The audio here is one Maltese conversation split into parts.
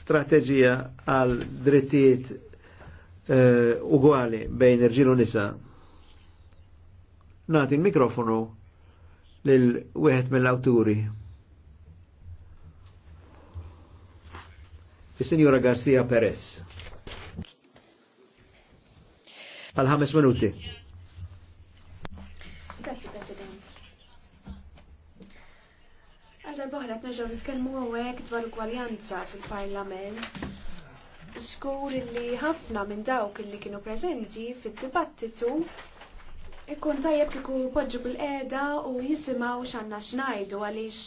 strateġija għal drittijiet uh, uguali bejn u nisa. Nati il-mikrofonu lil wieħed mill-awturi. is sinjura Garcia Perez. Għal ħames minuti. darba ħra nerġgħu nitkellmu hawnhekk dwar gwaljanza fil-Parlament. Skur li ħafna minn dawk li kienu preżenti fid-dibattitu ikkun tajjeb kieku poġġu bil-qeda u u x'għandna xnajdu għaliex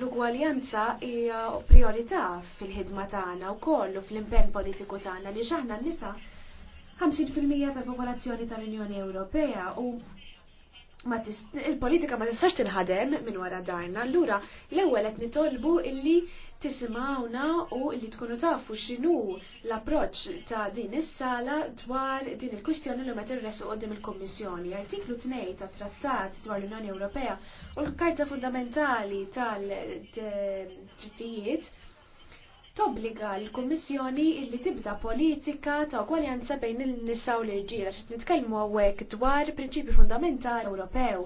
l-ugwaljanza hija priorità fil-ħidma tagħna u kollu fl-impenn politiku tagħna li x'aħna nisa 50% tal-popolazzjoni tal-Unjoni Ewropea u il-politika ma tistax tinħadem minn wara darna, allura l-ewwel qed nitolbu illi tisimgħuna u illi tkunu tafu x'inhu l-approċċ ta' din is-sala dwar din il-kwistjoni li meta irresu qudiem il-Kummissjoni. Artiklu 2 ta' Trattat dwar l-Unjoni Ewropea u l-Karta Fundamentali tal trittijiet tobbliga l-Kummissjoni illi tibda politika ta' ugwaljanza bejn il-nisa u l-irġiel għax nitkellmu hawnhekk dwar prinċipji fundamentali Ewropew.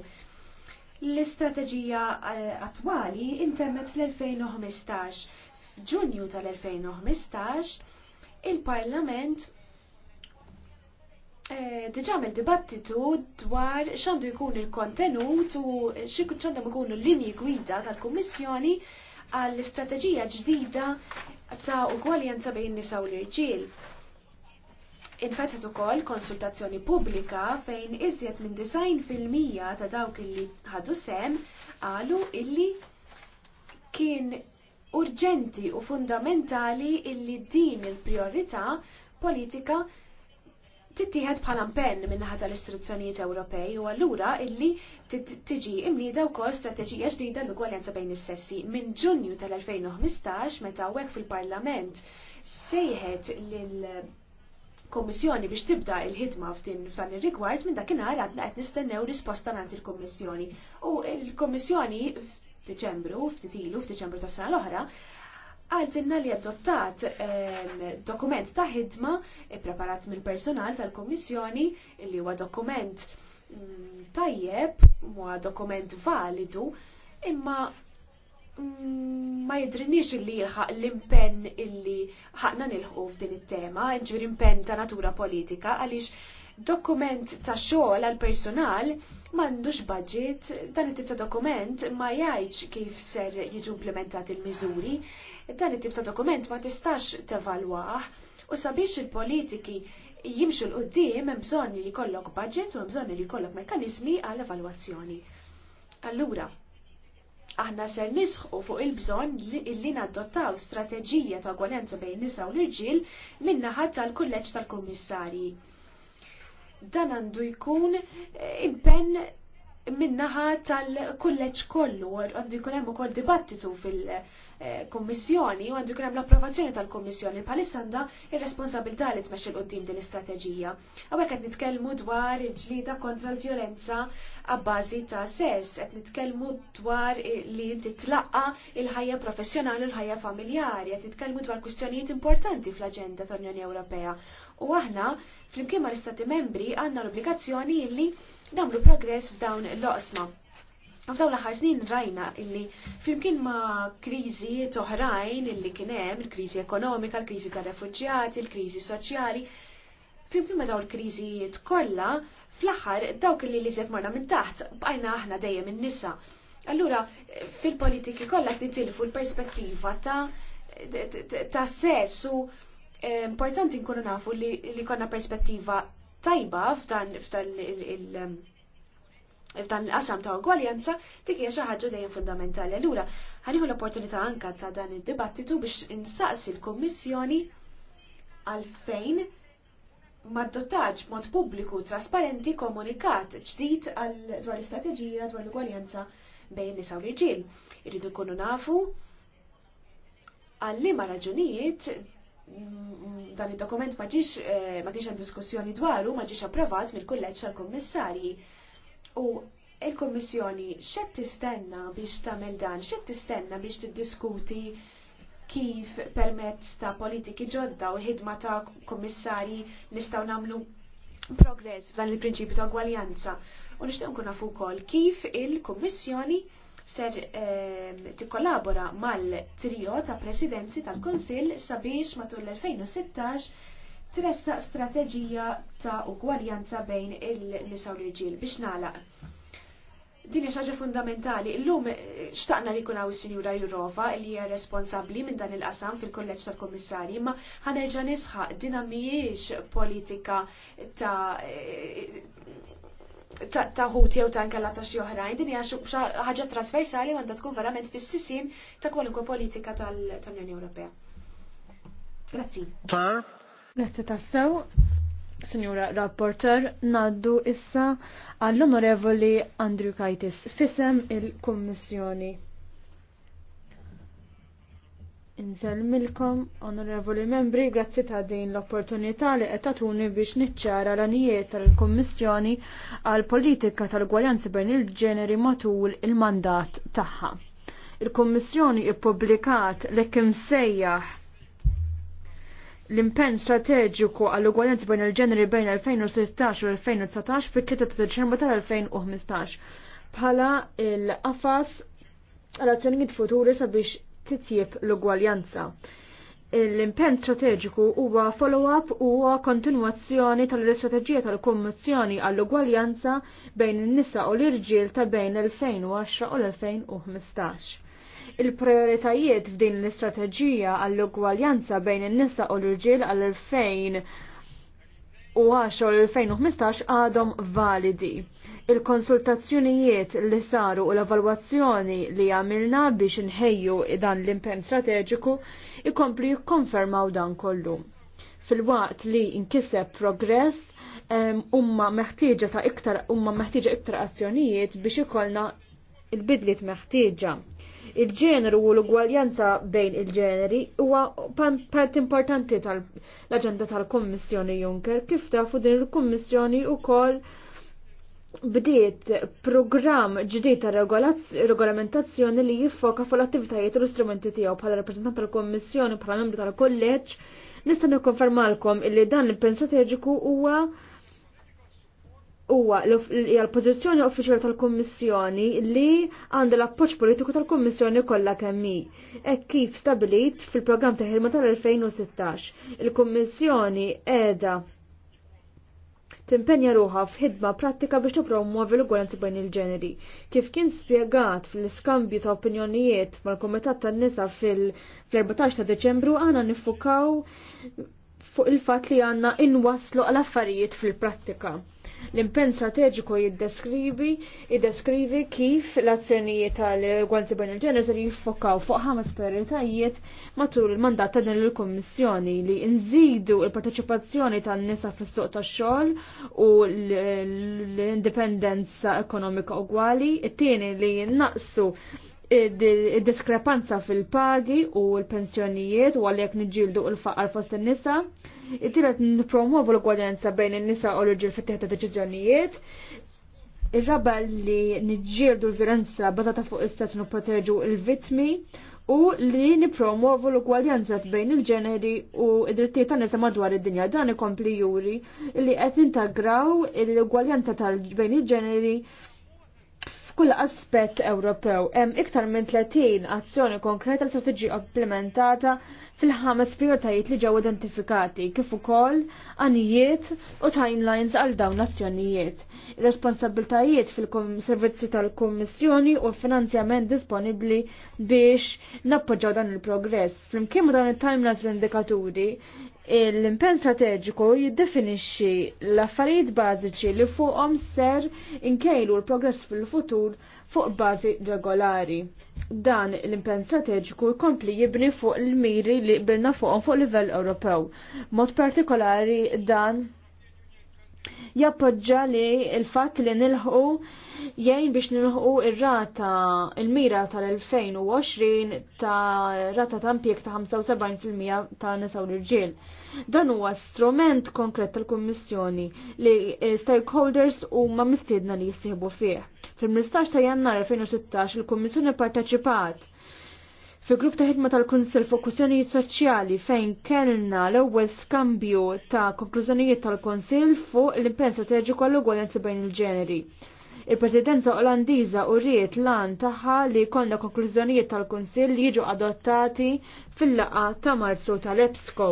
L-istrateġija eh, attwali intemmet fl-2015. F'Ġunju tal-2015 il-Parlament eh, Diġamil dibattitu dwar xandu jkun il-kontenut u xandu jkun l-linji gwida tal-Kommissjoni għall-istrateġija ġdida ta' ugwaljanza bejn nisa u l-irġiel. Infetħet ukoll konsultazzjoni pubblika fejn iżjed minn design fil-mija ta' dawk illi ħadu sem għalu illi kien urġenti u fundamentali illi din il-priorità politika tittieħed bħala impenn minnaħa tal istruzzjonijiet Ewropej u allura illi tiġi imnida wkoll strateġija ġdida l-ugwaljanza bejn is-sessi minn Ġunju tal-2015 meta hawnhekk fil-Parlament sejħet lil kommissjoni biex tibda il-ħidma f'dan ir-rigward minn dakinhar għadna qed nistennew risposta mingħand il-Kummissjoni. U l-Kummissjoni f'Diċembru, ftit ilu, f'Diċembru tas-sena l-oħra, għaltinna li adottat dokument ta' ħidma e, preparat mill-personal tal-Kommissjoni li huwa dokument mm, tajjeb, huwa dokument validu, imma mm, ma jidrinix li jilħaq l-impenn illi ħaqna nilħu f'din it-tema, ġur impenn ta' natura politika, għaliex dokument ta' xogħol għal personal m'għandux budget, dan it-tip ta' dokument ma jgħidx kif ser jiġu implementat il-miżuri, dan it-tip ta' dokument ma tistax tevalwaħ u sabiex il-politiki jimxu l-qoddim hemm bżonn li jkollok budget u hemm bżonn li jkollok mekkaniżmi għall evalwazzjoni. Allura, aħna ser nisħu fuq il-bżonn illi nadottaw strateġija ta' gwalenza bejn nisa u l-irġiel minnaħat tal-kulleġġ tal-kummissarji. Dan għandu jkun eh, impenn minnaħa tal-kulleġġ kollu, għandu jkun hemm ukoll dibattitu fil-Kummissjoni u għandu jkun hemm l-approvazzjoni tal-Kummissjoni bħalissa għandha ir-responsabilità li tmexxi l qudiem din l-istrateġija. hekk qed nitkellmu dwar il-ġlida kontra l-vjolenza għabbażi ta' sess, qed nitkellmu dwar li titlaqqa il-ħajja professjonali u l-ħajja familjari, qed nitkellmu dwar kwistjonijiet importanti fl-aġenda tal-Unjoni Ewropea u aħna flimkien mal istati membri għandna l-obbligazzjoni illi damlu progress f'dawn l-oqsma. F'dawn l ħar snin rajna illi flimkien ma' krizi toħrajn illi kienem, il-kriżi ekonomika, il-kriżi tar refugġjati, il-kriżi soċjali, flimkien ma' dawn il-kriżijiet kollha, fl-aħħar dawk li zef marna minn taħt bqajna aħna dejjem minn nisa Allura fil-politiki kollha titilfu l-perspettiva ta' ta' sessu Importanti nkunu nafu li, li konna perspettiva tajba f'dan um, f'dan il-qasam ta' ugwaljanza dik hija xi ħaġa dejjem fundamentali. Allura ħanieħu l-opportunità anka ta' dan id-dibattitu biex insaqsi l-Kummissjoni għalfejn mad-dottaġġ mod pubbliku trasparenti komunikat ġdid għal dwar l-istrateġija dwar l-ugwaljanza bejn nisa u l-irġiel. Irridu nkunu nafu għal liema raġunijiet dan id-dokument ma ġiex eh, ma ġiex hemm diskussjoni dwaru, ma ġiex approvat mill-kulleġġ għall kummissarji U il-Kommissjoni xed tistenna biex tagħmel dan, xed tistenna biex tiddiskuti kif permezz ta' politiki ġodda u l-ħidma ta' kommissari nistgħu nagħmlu progress f'dan il-prinċipju ta' gwaljanza. U nixtieq nkun nafu wkoll kif il-Kummissjoni ser ehm, tikkollabora mal-trio ta' presidenzi tal-Konsil sabiex matul l-2016 tressa strateġija ta' ugwaljanza bejn il-nisa u l-irġiel biex nalaq. Din hija ħaġa fundamentali. lum eh, xtaqna li jkun hawn is-Sinjura Jurova li hija responsabbli minn dan il-qasam fil-Kolleġġ tal-Kummissarji, ma ħanerġa' nisħaq dinamijiex mhijiex politika ta' eh, ta' jew ta' nkella ta' xi oħrajn, din hija ħaġa trasversali għandha tkun verament fis-sisin ta' kwalunkwe politika tal-Unjoni Ewropea. Grazzi. Grazzi tassew. Signora Rapporter, naddu issa għall-Onorevoli Andrew Kajtis, fisem il-Kommissjoni. Milkom onorevoli membri, grazzi ta' din l-opportunità li qed tatuni biex niċċara l-anijiet tal-Kummissjoni għal politika tal-gwaljanzi bejn il-ġeneri matul il-mandat tagħha. Il-Kummissjoni ippubblikat li kien sejjaħ l-impenn strateġiku għall ugwaljanzi bejn il-ġeneri bejn 2016 u 2019 fit-3 ta' Deċembru tal-2015 bħala il-qafas għal azzjonijiet futuri sabiex titjib l-ugwaljanza. L-impenn strateġiku huwa follow-up huwa kontinwazzjoni tal-istrateġija tal kommozzjoni għall-ugwaljanza bejn in-nisa u l-irġiel ta' bejn l-2010 u l-2015. Il-prioritajiet f'din l-istrateġija għall-ugwaljanza bejn in-nisa u l-irġiel għall-2010 u l-2015 għadhom validi il-konsultazzjonijiet li saru u l-evalwazzjoni li għamilna biex nħejju dan l-impen strateġiku ikomplu jikkonfermaw dan kollu. Fil-waqt li inkiseb progress, umma meħtieġa ta' iktar umma meħtieġa iktar azzjonijiet biex ikollna il-bidliet meħtieġa. Il-ġeneru u l-ugwaljanza bejn il-ġeneri huwa part importanti tal-aġenda tal-Kummissjoni Juncker kif tafu din il-Kummissjoni wkoll bdiet programm ġdid ta' regolamentazzjoni li jiffoka fuq l-attivitajiet u l-istrumenti tiegħu bħala rappreżentant tal-Kommissjoni bħala membru tal-Kolleġġ nista' nikkonfermalkom illi dan il-pen strateġiku huwa huwa l-pożizzjoni uffiċjali tal-Kummissjoni li għandha l-appoġġ politiku tal-Kummissjoni kollha kemm hi. Hekk kif stabilit fil-programm ta' ħilma tal-2016. Il-Kummissjoni qiegħda timpenja ruħa f'ħidma prattika biex tippromuovi l-ugwalanzi bejn il-ġeneri. Kif kien spjegat fl-iskambju ta' opinjonijiet mal-Kumitat tan-Nisa fil-14 ta' Deċembru għana nifukaw fuq il-fatt li għanna inwaslu għal affarijiet fil-prattika. L-impenn strateġiku jiddeskrivi jiddeskrivi kif l-azzjonijiet tal-gwanzi bejn il-ġener se jiffokaw fuq ħames prioritajiet matul il-mandat ta' din il-Kummissjoni li nżidu il-parteċipazzjoni tan-nisa fis-suq tax-xogħol u l-indipendenza ekonomika ugwali, it-tieni li naqsu id-diskrepanza fil-pagi u l-pensjonijiet u għalhekk niġġieldu l-faqar fost in-nisa, it-tielet nippromovu l-gwadanza bejn in-nisa u l-irġiel fit ta' deċiżjonijiet, ir-raba li niġġieldu l-violenza bazata fuq is-sess nipproteġu l-vittmi u li nipromovu l-ugwaljanza bejn il-ġeneri u id-drittijiet tan-nisa madwar id-dinja. Dan ikompli juri li qed nintagraw l-ugwaljanza tal bejn il-ġeneri f'kull aspett Ewropew hemm iktar minn 30 azzjoni konkreta li se tiġi implementata fil-ħames prijoritajiet li ġew identifikati kif ukoll għanijiet u timelines għal dawn l-azzjonijiet. Responsabiltajiet fil-servizzi tal-Kummissjoni u l-finanzjament disponibbli biex nappoġġaw dan il-progress. Flimkien dan it-timelines l indikaturi, l-impenn strateġiku jiddefinixxi l-affarijiet bażiċi li fuqhom ser inkejlu l-progress fil-futur fuq bażi regolari. Dan l-impenn strateġiku jkompli jibni fuq il-miri li birna fuqhom fuq livell Ewropew. Mod partikolari dan jappoġġa li l-fatt li nilħu jgħin biex nilħu ir-rata il-mira tal-2020 ta' rata ta' impjeg ta' 75% ta' nisaw l-irġiel. Dan huwa strument konkret tal-Kummissjoni li stakeholders huma mistiedna li jissieħbu fih. Fil-15 ta' jannar 2016 il-Kummissjoni parteċipat fi grupp ta' ħidma tal-Kunsil fuq soċjali fejn kellna l-ewwel skambju ta' konklużjonijiet tal-Kunsil fuq l-impenn strateġiku għall-ugwaljanzi bejn il-ġeneri. Il-Presidenza Olandiża u riet lan taħħa li konna konklużjonijiet tal-Kunsill jiġu adottati fil-laqa ta' Marzu tal-EPSCO.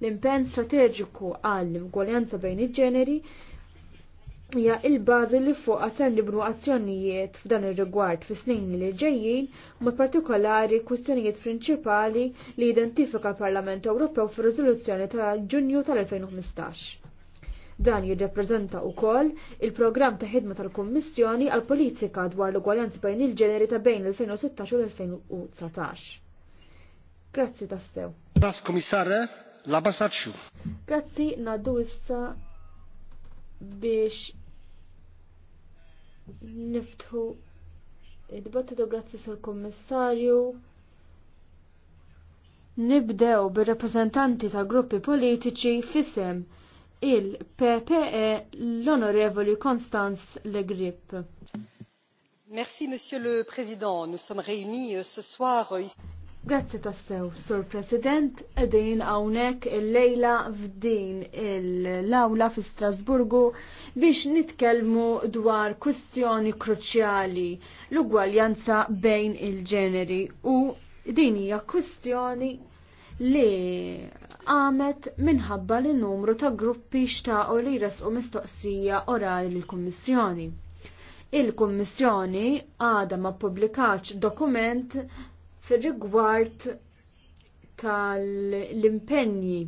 L-impenn strateġiku għall gwaljanza bejn il ġeneri hija il-bażi li fuqha ser nibnu azzjonijiet f'dan ir-rigward fis-snin li ġejjin, ma partikolari kwistjonijiet prinċipali li identifika l-Parlament Ewropew fir-riżoluzzjoni ta' Ġunju tal-2015. Dan jirrepreżenta wkoll il-programm ta' ħidma tal-Kummissjoni għal politika dwar l-ugwaljanzi bejn il-ġeneri ta' bejn il 2016 u l-2019. Grazzi tassew. Bas komissarre, la basacċu. Grazzi naddu issa biex niftħu id-dibattitu grazzi sal kommissarju Nibdew bir reprezentanti ta' gruppi politiċi fisem il-PPE l-Onorevoli Constance Le Grip. Merci, Monsieur le Président. Nous sommes réunis euh, ce soir. Euh, Grazzi tassew, Sur President, edin għawnek il-lejla f'din l-awla fi Strasburgu biex nitkelmu dwar kustjoni kruċjali l-ugwaljanza bejn il-ġeneri u din hija kwistjoni li għamet minħabba li numru ta' gruppi xtaqo li jresqu mistoqsija orali l-Kommissjoni. Il-Kommissjoni għada ma publikaċ dokument fir rigward tal-impenji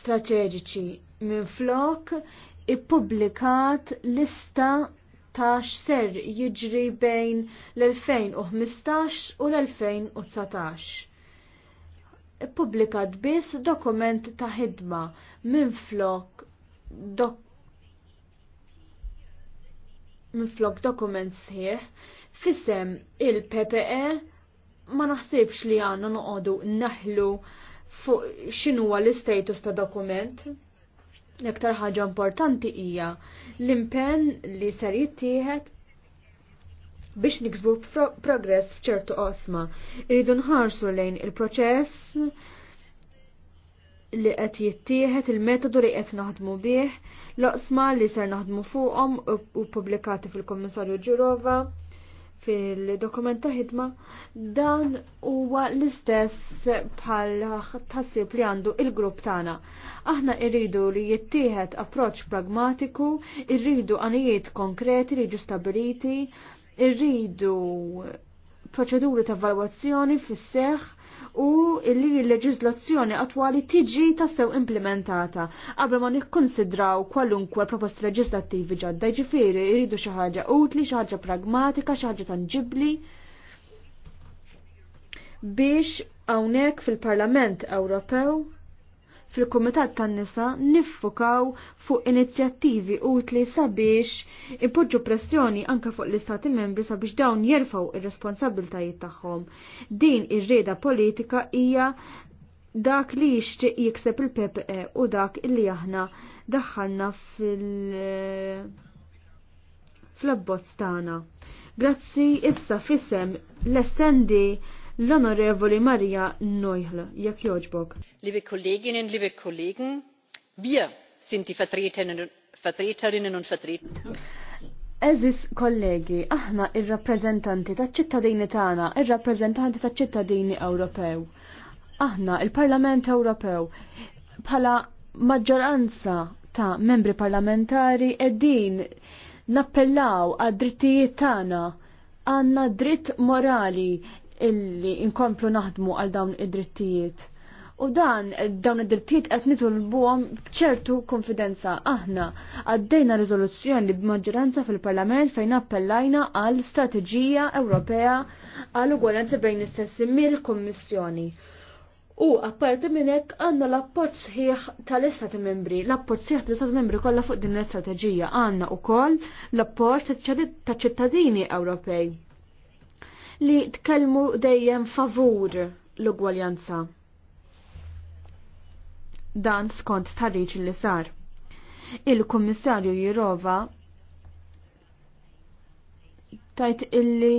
strateġiċi minn flok ippubblikat lista tax ser jiġri bejn l-2015 u l-2019 ippubblikat biss dokument ta' ħidma minflok dok minflok dokument sħiħ fisem il-PPE ma naħsibx li għanna noqogħdu naħlu fuq x'inhuwa l status ta' dokument. L-iktar ħaġa importanti hija l-impenn li ser jittieħed biex niksbu progress f'ċertu qosma. Irridu nħarsu lejn il-proċess li qed jittieħed il-metodu li qed naħdmu bih, l-oqsma li ser naħdmu fuqhom u pubblikati fil-Kommissarju Ġurova fil-dokument ta' ħidma dan huwa l-istess bħal tħassib li għandu il-grupp tagħna. Aħna irridu li jittieħed approċċ pragmatiku, irridu għanijiet konkreti li ġustabiliti, stabiliti irridu proċeduri ta' valwazzjoni fis-seħ u illi l-leġizlazzjoni attwali tiġi tassew implementata qabel ma nikkonsidraw kwalunkwe proposti leġislattivi ġodda jiġifieri jridu xi ħaġa utli, xi ħaġa pragmatika, xi ħaġa tangibbli. biex hawnhekk fil-Parlament Ewropew fil-Kumitat tan-Nisa niffukaw fuq inizjattivi utli sabiex ipoġġu pressjoni anke fuq l-Istati membri sabiex dawn jerfgħu ir-responsabiltajiet tagħhom. Din ir-rieda politika hija dak li jixtieq jikseb il-PPE u dak illi aħna daħħalna fil- fl-abbozz tagħna. Grazzi issa fisem l snd l-Onorevoli Marija Neuhl, jekk joġbok. Liebe Kolleginnen, liebe Kollegen, wir sind die Vertreterinnen und Vertreter. Eżis kollegi, aħna il rappreżentanti taċ-ċittadini tagħna, ir-rappreżentanti taċ-ċittadini Ewropew. Aħna il-Parlament Ewropew bħala maġġoranza ta' membri parlamentari qegħdin nappellaw għad drittijiet tagħna għandna dritt morali illi inkomplu naħdmu għal dawn id-drittijiet. U dan, dawn id-drittijiet qed nitulbuhom b'ċertu konfidenza. Aħna għaddejna riżoluzzjoni b'maġġoranza fil-Parlament fejn appellajna għal strateġija Ewropea għal ugwalenza bejn istess mill-Kommissjoni. U apparti minn hekk għandna l-appoġġ sħiħ tal-Istati Membri, l-appoġġ sħiħ tal-Istati Membri kollha fuq din l-istrateġija għandna wkoll l-appoġġ ta' ċittadini Ewropej li tkellmu dejjem favur l-ugwaljanza. Dan skont tarriċ li sar. Il-Kummissarju Jirova tajt illi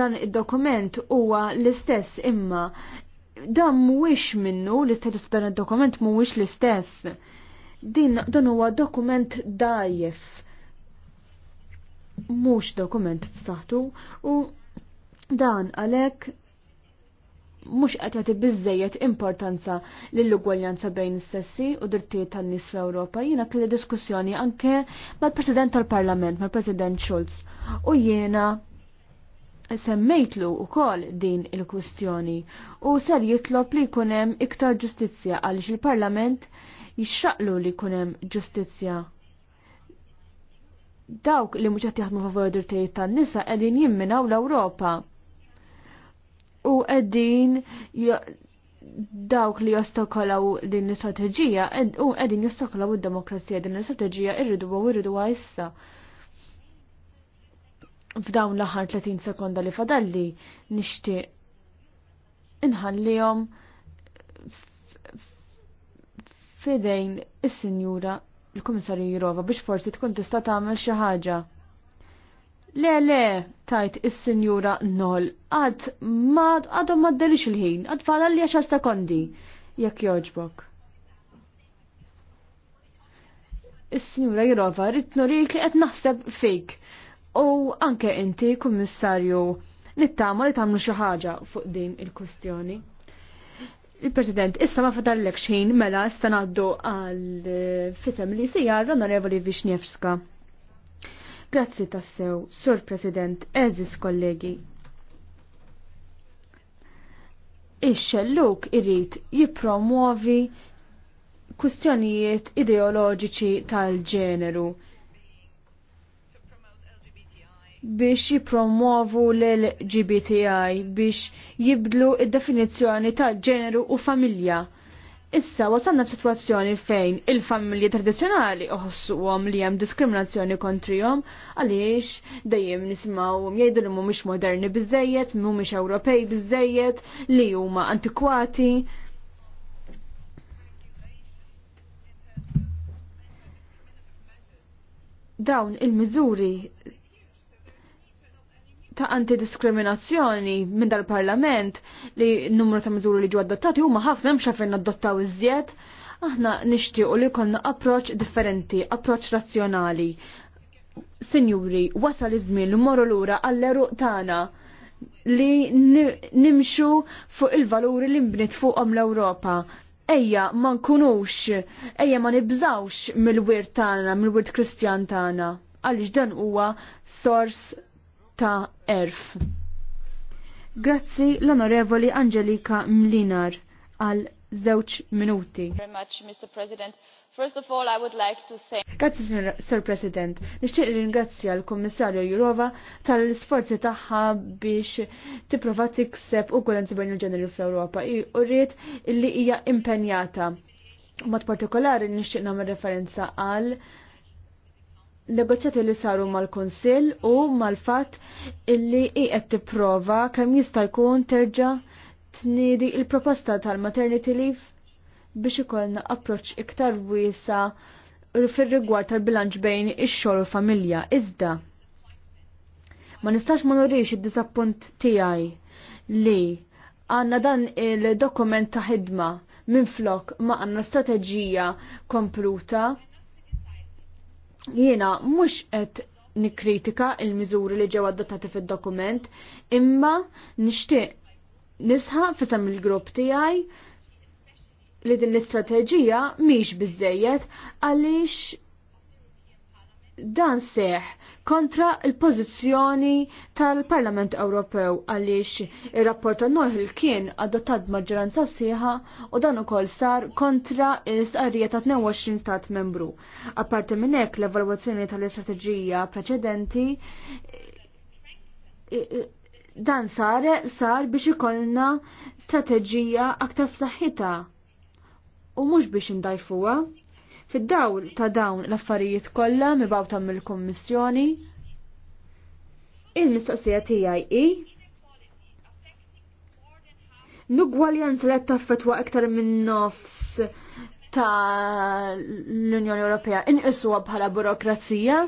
dan id-dokument huwa l-istess imma dan mhuwiex minnu l-istatus dan id-dokument mhuwiex l-istess. Din dan huwa dokument dajjef mhux dokument f'saħħtu u dan għalhekk mhux qed jagħti biżejjed importanza lill-ugwaljanza bejn is-sessi u drittijiet tan-nies fl-Ewropa. Jiena kelli diskussjoni anke mal-President tal-Parlament, mal-President Schulz. U jiena semmejtlu wkoll din il-kwistjoni u ser jitlob li jkun hemm iktar ġustizzja għaliex il-Parlament jixxaqlu li jkun hemm ġustizzja dawk li mhux qed jaħdmu favor id-drittijiet tan-nisa qegħdin jimminaw l-Ewropa. U qegħdin dawk li jostokolaw din l-istrateġija u qegħdin jostokolaw id-demokrazija din l-istrateġija irridu u irridu issa. F'dawn l-aħħar 30 sekonda li fadalli nixtieq inħallihom fidejn is-sinjura il-Kummissarju Jirova biex forsi tkun tista' tagħmel xi ħaġa. Le le, tajt is-Sinjura Nol, għad ma għadhom ma il-ħin, għad fala li għaxar sekondi, jekk joġbok. Is-Sinjura Jirova rrid norik li qed naħseb fik. U anke inti, Kummissarju, nittama li tagħmlu xi ħaġa fuq din il-kwistjoni. Il-President, issa ma fadallek xin mela issa naddu għal eh, fisem li sijar l-Onorevoli Vishnevska. Grazzi tassew, Sur President, eżis kollegi. Ix-xelluk irrit jippromuovi kwistjonijiet ideoloġiċi tal-ġeneru biex jipromovu l-LGBTI biex jibdlu id-definizzjoni tal-ġeneru u familja. Issa wasanna f'sitwazzjoni fejn il-familji tradizjonali uħossuhom li hemm diskriminazzjoni kontrihom għaliex dejjem nisimgħu jgħidu li mhumiex moderni biżejjed, mhumiex Ewropej biżejjed, li huma antikwati. Dawn il-miżuri ta' antidiskriminazzjoni minn dal-Parlament li numru ta' miżuri li ġu adottati huma ħafna hemm xafin adottaw iżjed, aħna nixtiequ li jkollna approċċ differenti, approċċ razzjonali. Sinjuri, wasal iż-żmien li mmorru lura għall-eru tagħna li nimxu fuq il-valuri li mbnit fuqhom l-Ewropa ejja ma nkunux, ejja ma nibżawx mill-wirt tagħna, mill-wirt Kristjan tagħna. Għaliex dan huwa sors ta' erf. Grazzi l-Onorevoli Angelika Mlinar għal żewġ minuti. First of all, I would like to Grazzi, Sir President. Nixtieq ringrazzja l-Kummissarju Jurova tal-isforzi tagħha biex tipprova tikseb uguaglianza bejn il-ġeneri fl-Ewropa. U urrit li hija impenjata. Mod partikolari nixtieq nagħmel referenza għal negozjati li saru mal-Konsil u mal-fat illi qiegħed tipprova kemm jista' jkun terġa' tniedi il-proposta tal-maternity leave biex ikollna approċċ iktar wiesa fir-rigward tal-bilanċ bejn ix-xogħol u familja. Iżda ma nistax ma norrix id-disappunt tiegħi li għandna dan il-dokument ta' ħidma minn flok ma għandna strateġija kompluta Jiena mhux qed nikkritika il-miżuri li ġew adottati fid-dokument, imma nixtieq nisħaq fisem il-grupp tiegħi li din l-istrateġija mhix biżejjed għaliex dan seħ kontra il-pozizjoni tal-Parlament Ewropew għaliex ir-rapport ta' il kien adottat maġġoranza sieħa u dan ukoll sar kontra l-istqarrija ta' 22 stat membru. Apparti minn hekk l-evalwazzjoni tal-istrateġija preċedenti dan sar sar biex ikollna strateġija aktar f'saħħitha u mhux biex indajfuha. Fid-dawl ta' dawn l-affarijiet kollha mibgħuta mill-Kummissjoni, il-mistoqsija tiegħi hi l-ugwaljanza taffet wa iktar minn nofs ta' l-Unjoni Ewropea inqisuha bħala burokrazija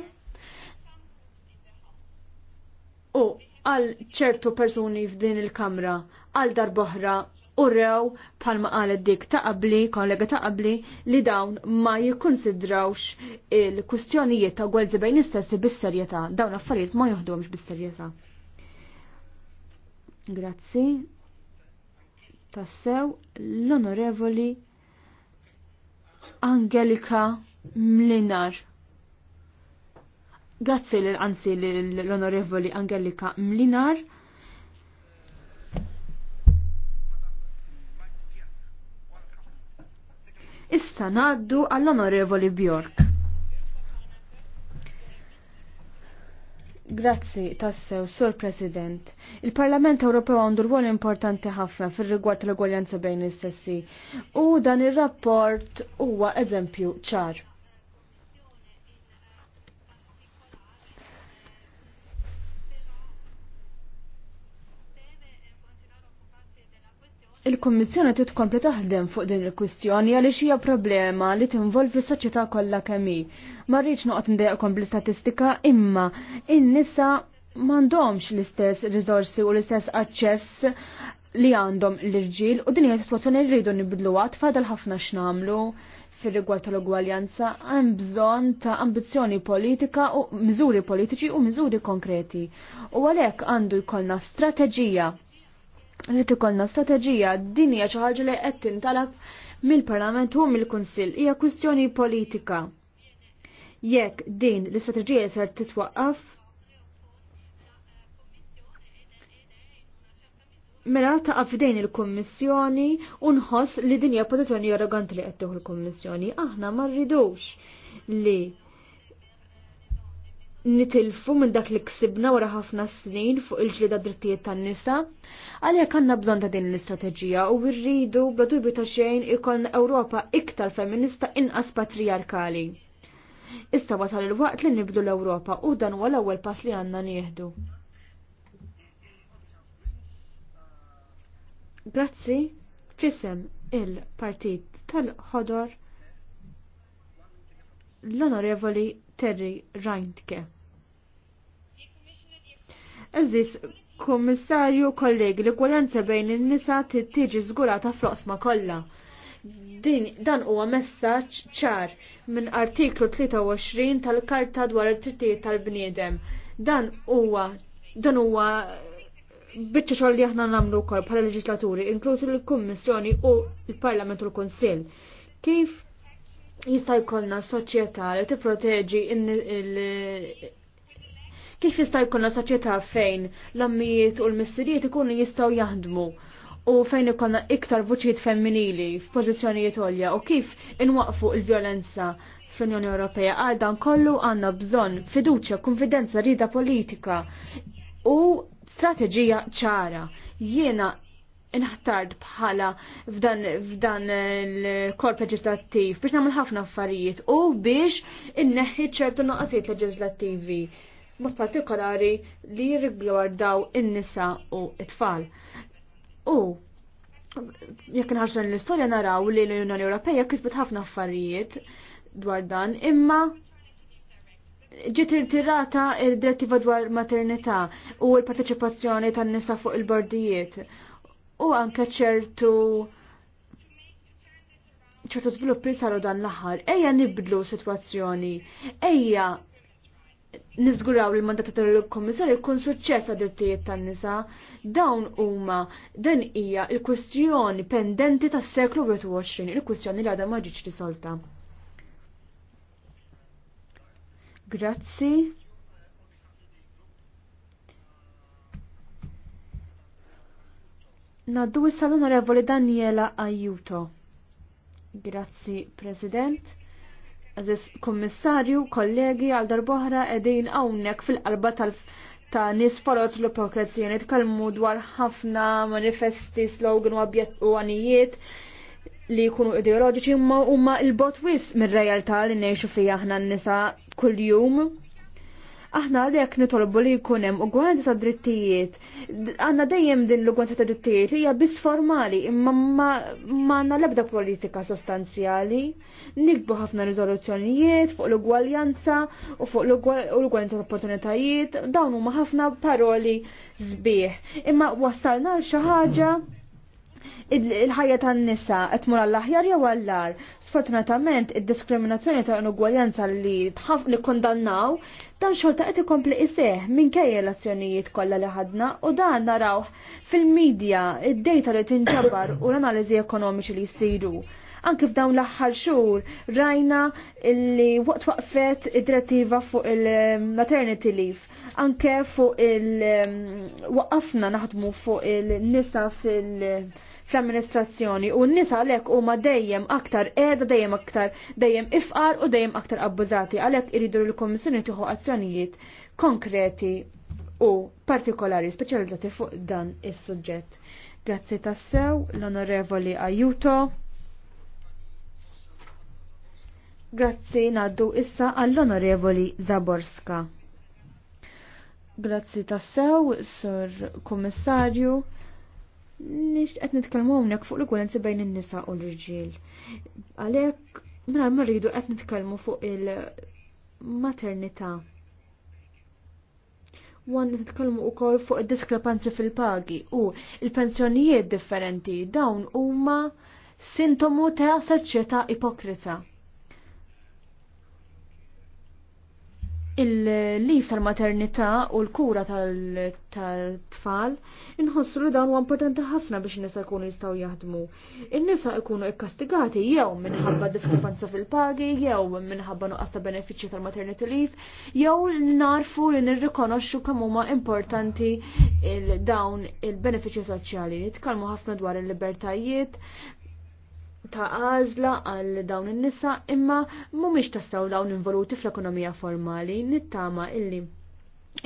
u għal ċertu persuni f'din il-kamra għal darboħra u rew palma qalet dik ta' qabli, kollega ta' qabli, li dawn ma jikkonsidrawx il-kustjonijiet ta' gwelzi bejn istessi bis serjeta dawn affarijiet ma joħduhomx bis serjeta Grazzi. Tassew l-onorevoli Angelika Mlinar. Grazzi l ansi l-onorevoli Angelika Mlinar Issa naddu għall-Onorevoli Bjork. Grazzi, tassew, Sur President. Il-Parlament Ewropew għandu rwol importanti ħafna fir-rigward l-egwaljanza bejn is-sessi. U dan ir-rapport huwa eżempju ċar. Il-Kummissjoni titkompli taħdem fuq din il-kwistjoni għaliex hija problema li tinvolvi s-soċjetà kollha kemm hi. Ma rridx noqgħod ndejqkom bl-istatistika imma in-nisa m'għandhomx l-istess riżorsi u l-istess aċċess li għandhom l-irġiel u din hija sitwazzjoni li rridu nibidluha tfadal ħafna x'namlu fir-rigward tal-ugwaljanza hemm bżonn ta' ambizzjoni politika u miżuri politiċi u miżuri konkreti. U għalhekk għandu jkollna strateġija Rrid ikollna strateġija din hija xi ħaġa li qed tintalab mill-Parlament u mill-Kunsill hija kwistjoni politika. Jekk din l-istrateġija ser titwaqqaf Mela ta' f'dejn il-Kommissjoni u nħoss li din hija pożizzjoni arroganti li qed tieħu l-Kommissjoni. Aħna ma rridux li nitilfu minn dak li ksibna wara ħafna snin fuq il-ġlida drittijiet tan-nisa, għalhekk għandna bżonn ta' din l-istrateġija u rridu bla dubju ta' xejn ikollna Ewropa iktar feminista inqas patriarkali. Issa wasal il-waqt li nibdu l-Ewropa u dan huwa l-ewwel pass li għandna nieħdu. Grazzi fisem il-partit tal-ħodor l-onorevoli Terry Reintke. Eżis, kummissarju kollegi li kwaljanza bejn in-nisa tiġi żgurata fl-osma kollha din dan huwa messaġġ ċar minn artiklu 23 tal-Karta dwar it-Trittijiet tal-Bniedem. Dan huwa dan huwa biċċa xogħol li aħna nagħmlu wkoll bħala leġislaturi, inklużi l kummissjoni u l-Parlament u l-Kunsill. Kif jista' jkollna soċjetà li tipproteġi kif jista' jkollna soċjetà fejn l-ammijiet u l-missirijiet ikunu jistgħu jaħdmu u fejn ikollna iktar vuċijiet femminili f'pożizzjonijiet għolja u kif inwaqfu l-vjolenza fl-Unjoni Ewropea għal dan kollu għandna bżonn fiduċja, konfidenza, rida politika u strateġija ċara. Jiena Inħtar bħala f'dan il-korp leġislattiv biex nagħmel ħafna affarijiet u biex inneħħi ċertu noqasijiet leġislattivi mod partikolari li jirrigwardaw in-nisa u it-tfal. U jekk inħarsan l-istorja naraw li l-Unjoni Ewropea kisbet ħafna affarijiet dwar dan, imma ġiet irtirata il-direttiva dwar maternità u l-parteċipazzjoni tan-nisa fuq il-bordijiet u anke ċertu ċertu sviluppi saru dan l-aħħar. Ejja nibdlu situazzjoni, ejja nizguraw li mandat tal-Kommissarju jkun suċċess għad drittijiet tan-nisa, dawn huma dan hija l-kwestjoni pendenti tas-seklu 21, il-kwestjoni li għadha ma ġietx risolta. Grazzi. Naddu issa onorevoli Daniela Ajuto. Grazzi, President. Aziz Kommissarju, kollegi, għal darboħra edin għawnek fil-qalba tal- ta' nis l-ipokrazija nitkellmu dwar ħafna manifesti, slogan u u għanijiet li jkunu ideoloġiċi imma huma il botwis wis mir-realtà li ngħixu fija aħna n-nisa kuljum Aħna għalhekk nitolbu li jkun hemm ugwanza ta' drittijiet. Għandna dejjem din l-ugwanza ta' drittijiet hija biss formali imma ma għandna l-ebda politika sostanzjali. Nikbu ħafna rizoluzzjonijiet fuq l-ugwaljanza u fuq l-ugwaljanza ta' opportunitajiet, dawn huma ħafna paroli zbieħ. Imma wassalna xi ħaġa il-ħajja tan-nisa qed mur għall-aħjar jew għall-ar. Sfortunatament id-diskriminazzjoni ta' inugwaljanza li tħaf kondannaw dan xorta qed ikompli iseħ minkejja l-azzjonijiet kollha li ħadna u dan narawh fil-medja id-dejta li tinġabar u l-analiżi ekonomiċi li jsiru. Anki f'dawn l-aħħar xhur rajna li waqt waqfet id-direttiva fuq il-maternity um, leave, anke fuq il-waqafna um, naħdmu fuq il-nisa fil- fl-amministrazzjoni u n-nisa għalhekk huma dejjem aktar qiegħda dejjem aktar dejjem ifqar u dejjem aktar abbużati għalhekk iridu l-Kummissjoni tieħu azzjonijiet konkreti u partikolari speċjalizzati fuq dan is-suġġett. Grazzi tassew l-Onorevoli Ajuto. Grazzi naddu issa għall-Onorevoli Zaborska. Grazzi tassew, Sur Kommissarju nix qed nitkellmu hawnhekk fuq l-igualenzi bejn n nisa u l rġil Għalhekk mingħajr ma rridu qed nitkellmu fuq il-maternità. Wan nitkellmu wkoll fuq id-diskrepanzi fil-pagi u il-pensjonijiet differenti dawn huma sintomu ta' soċjetà ipokrita. il-lif tal-maternità u l-kura tal-tfal inħossru dan huwa importanti ħafna biex nisa jkunu jistgħu jaħdmu. In-nisa jkunu ikkastigati jew minħabba diskrepanza fil-pagi, jew minħabba nuqqas ta' benefiċċji tal-maternity leave, jew narfu li nirrikonoxxu kemm huma importanti dawn il-benefiċċji soċjali. Nitkalmu ħafna dwar il-libertajiet, ta' għażla għal dawn in-nisa imma mhumiex tassew dawn involuti fl-ekonomija formali nittama illi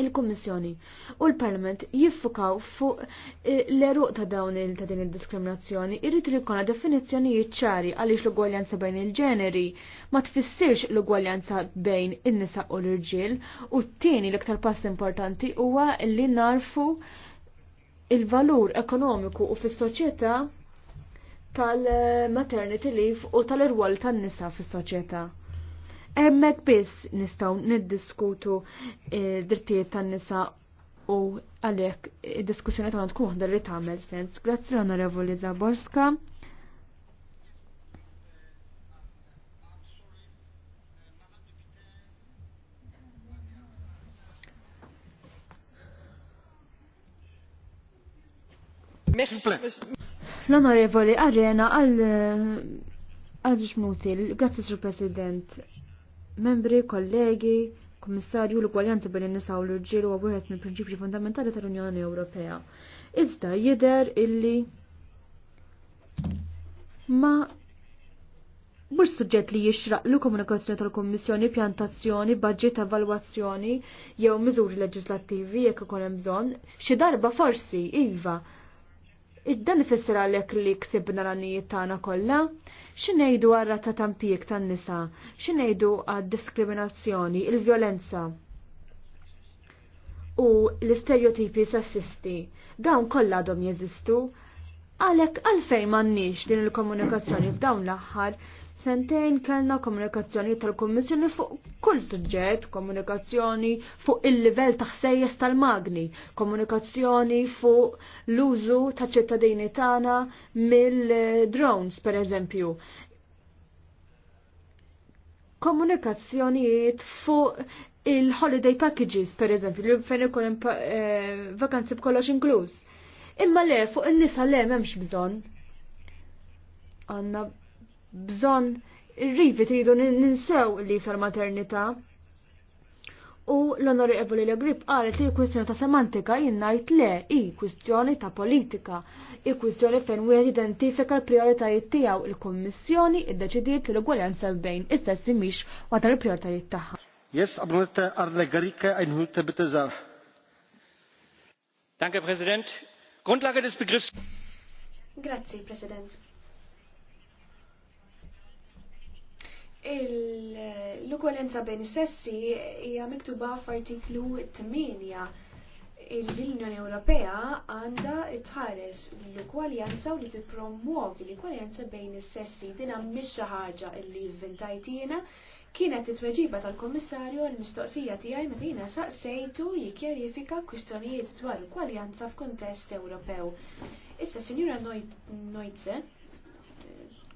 il-Kummissjoni u l-Parlament jiffukaw fuq eh, l-eruq ta' dawn il ta' din id-diskriminazzjoni irrid jkollna definizzjonijiet ċari għaliex l-ugwaljanza bejn il-ġeneri ma tfissirx l-ugwaljanza bejn in-nisa u l-irġiel u t-tieni l-iktar pass importanti huwa li narfu il-valur ekonomiku u fis-soċjetà tal-maternity leave u tal-irwol tan-nisa fis-soċjetà. Hemmhekk biss nistgħu niddiskutu eh, drittijiet tan-nisa u għalhekk id-diskussjoni tagħna tkun waħda li tagħmel sens. Grazzi l-Onorevoli Zaborska. Merci, L-Onorevoli Arena għal għal ġmuti, grazzi Sur President, membri, kollegi, Kummissarju l-ugwaljanza bejn nisa u l-irġiel huwa wieħed mill-prinċipji fundamentali tal-Unjoni Ewropea. Iżda jidher illi ma mux suġġett li jixraq l komunikazzjoni tal-Kummissjoni pjantazzjoni, baġġiet evalwazzjoni jew miżuri leġislattivi jekk ikun hemm bżonn, xi darba forsi iva Id-dan ifisser għalhekk li ksibna l-għanijiet tagħna kollha, x'ngħidu għar ratta tampijek tan-nisa, x'ngħidu għad-diskriminazzjoni, il-vjolenza u l-istereotipi sassisti. Dawn kollha għadhom jeżistu, għalhekk għalfejn m'għandniex din il-komunikazzjoni f'dawn l-aħħar sentejn kellna komunikazzjoni tal-Kummissjoni fuq kull suġġett, komunikazzjoni fuq il-livell ta' ħsejjes tal-magni, komunikazzjoni fuq l-użu ta' ċittadini tagħna mill-drones pereżempju. Komunikazzjonijiet fuq il-holiday packages, pereżempju, li fejn ikun eh, vakanzi b'kollox inkluż. Imma le, fuq in-nisa le m'hemmx bżonn. Għanna bżon irrivi tridu ninsew li tal-maternità. U l-onorevoli Le Grip qalet li kwistjoni ta' semantika jinnajt le i kwistjoni ta' politika, i kwistjoni fejn wieħed identifika l-prioritajiet tiegħu il-Kummissjoni iddeċidiet li l-ugwaljanza bejn istessi mhix wara l-prijoritajiet tagħha. Yes, abnulette Arne Garike, ein Hütte bitte Danke, Präsident. Grundlage des Begriffs. Grazie, Präsident. l-ukolenza bejn sessi hija miktuba f'artiklu 8 l-Unjoni Ewropea għandha tħares l-ugwaljanza u li tippromuovi l-ugwaljanza bejn is-sessi din mhix xi ħaġa li vvintajtina kienet it-tweġiba tal-Kommissarju għal mistoqsija tiegħi meta jiena saqsejtu jikkjarifika kwistjonijiet dwar kwaljanza f'kuntest Ewropew. Issa Sinjura Noitze,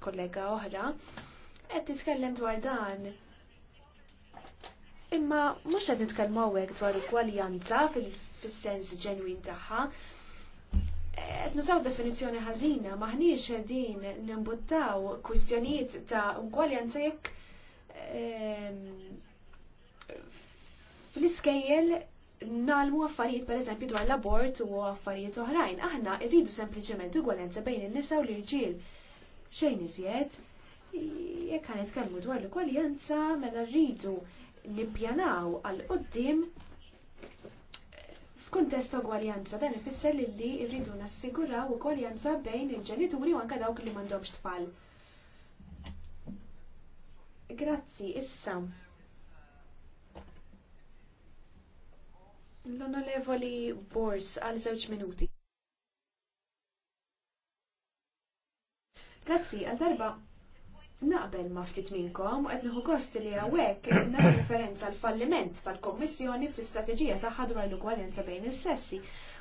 kollega oħra, qed titkellem dwar dan. Imma mhux qed nitkellmu hawnhekk dwar ugwaljanza fis-sens ġenwin tagħha. Qed nużaw definizzjoni ħażina maħniex qegħdin nimbuttaw kwistjonijiet ta' ugwaljanza jekk ehm, fl-iskejjel nalmu affarijiet per eżempju dwar l-abort u affarijiet oħrajn. Aħna rridu sempliċement ugwalenza bejn in-nisa u l-irġiel. Xejn iżjed, jekk għan nitkellmu dwar l-kwaljanza mela rridu nippjanaw għal qoddim f'kuntest ta' gwaljanza dan ifisser li li rridu nassiguraw gwaljanza bejn il-ġenituri u anke dawk li m'għandhomx tfal. Grazzi, issa. L-onorevoli Bors għal żewġ minuti. Grazzi, għal darba Naqbel ma ftit minnkom qed nieħu kost li hawnhekk nagħmel referenza l falliment tal-Kommissjoni fl-istrateġija tagħha dwar l-ugwaljanza bejn is-sessi.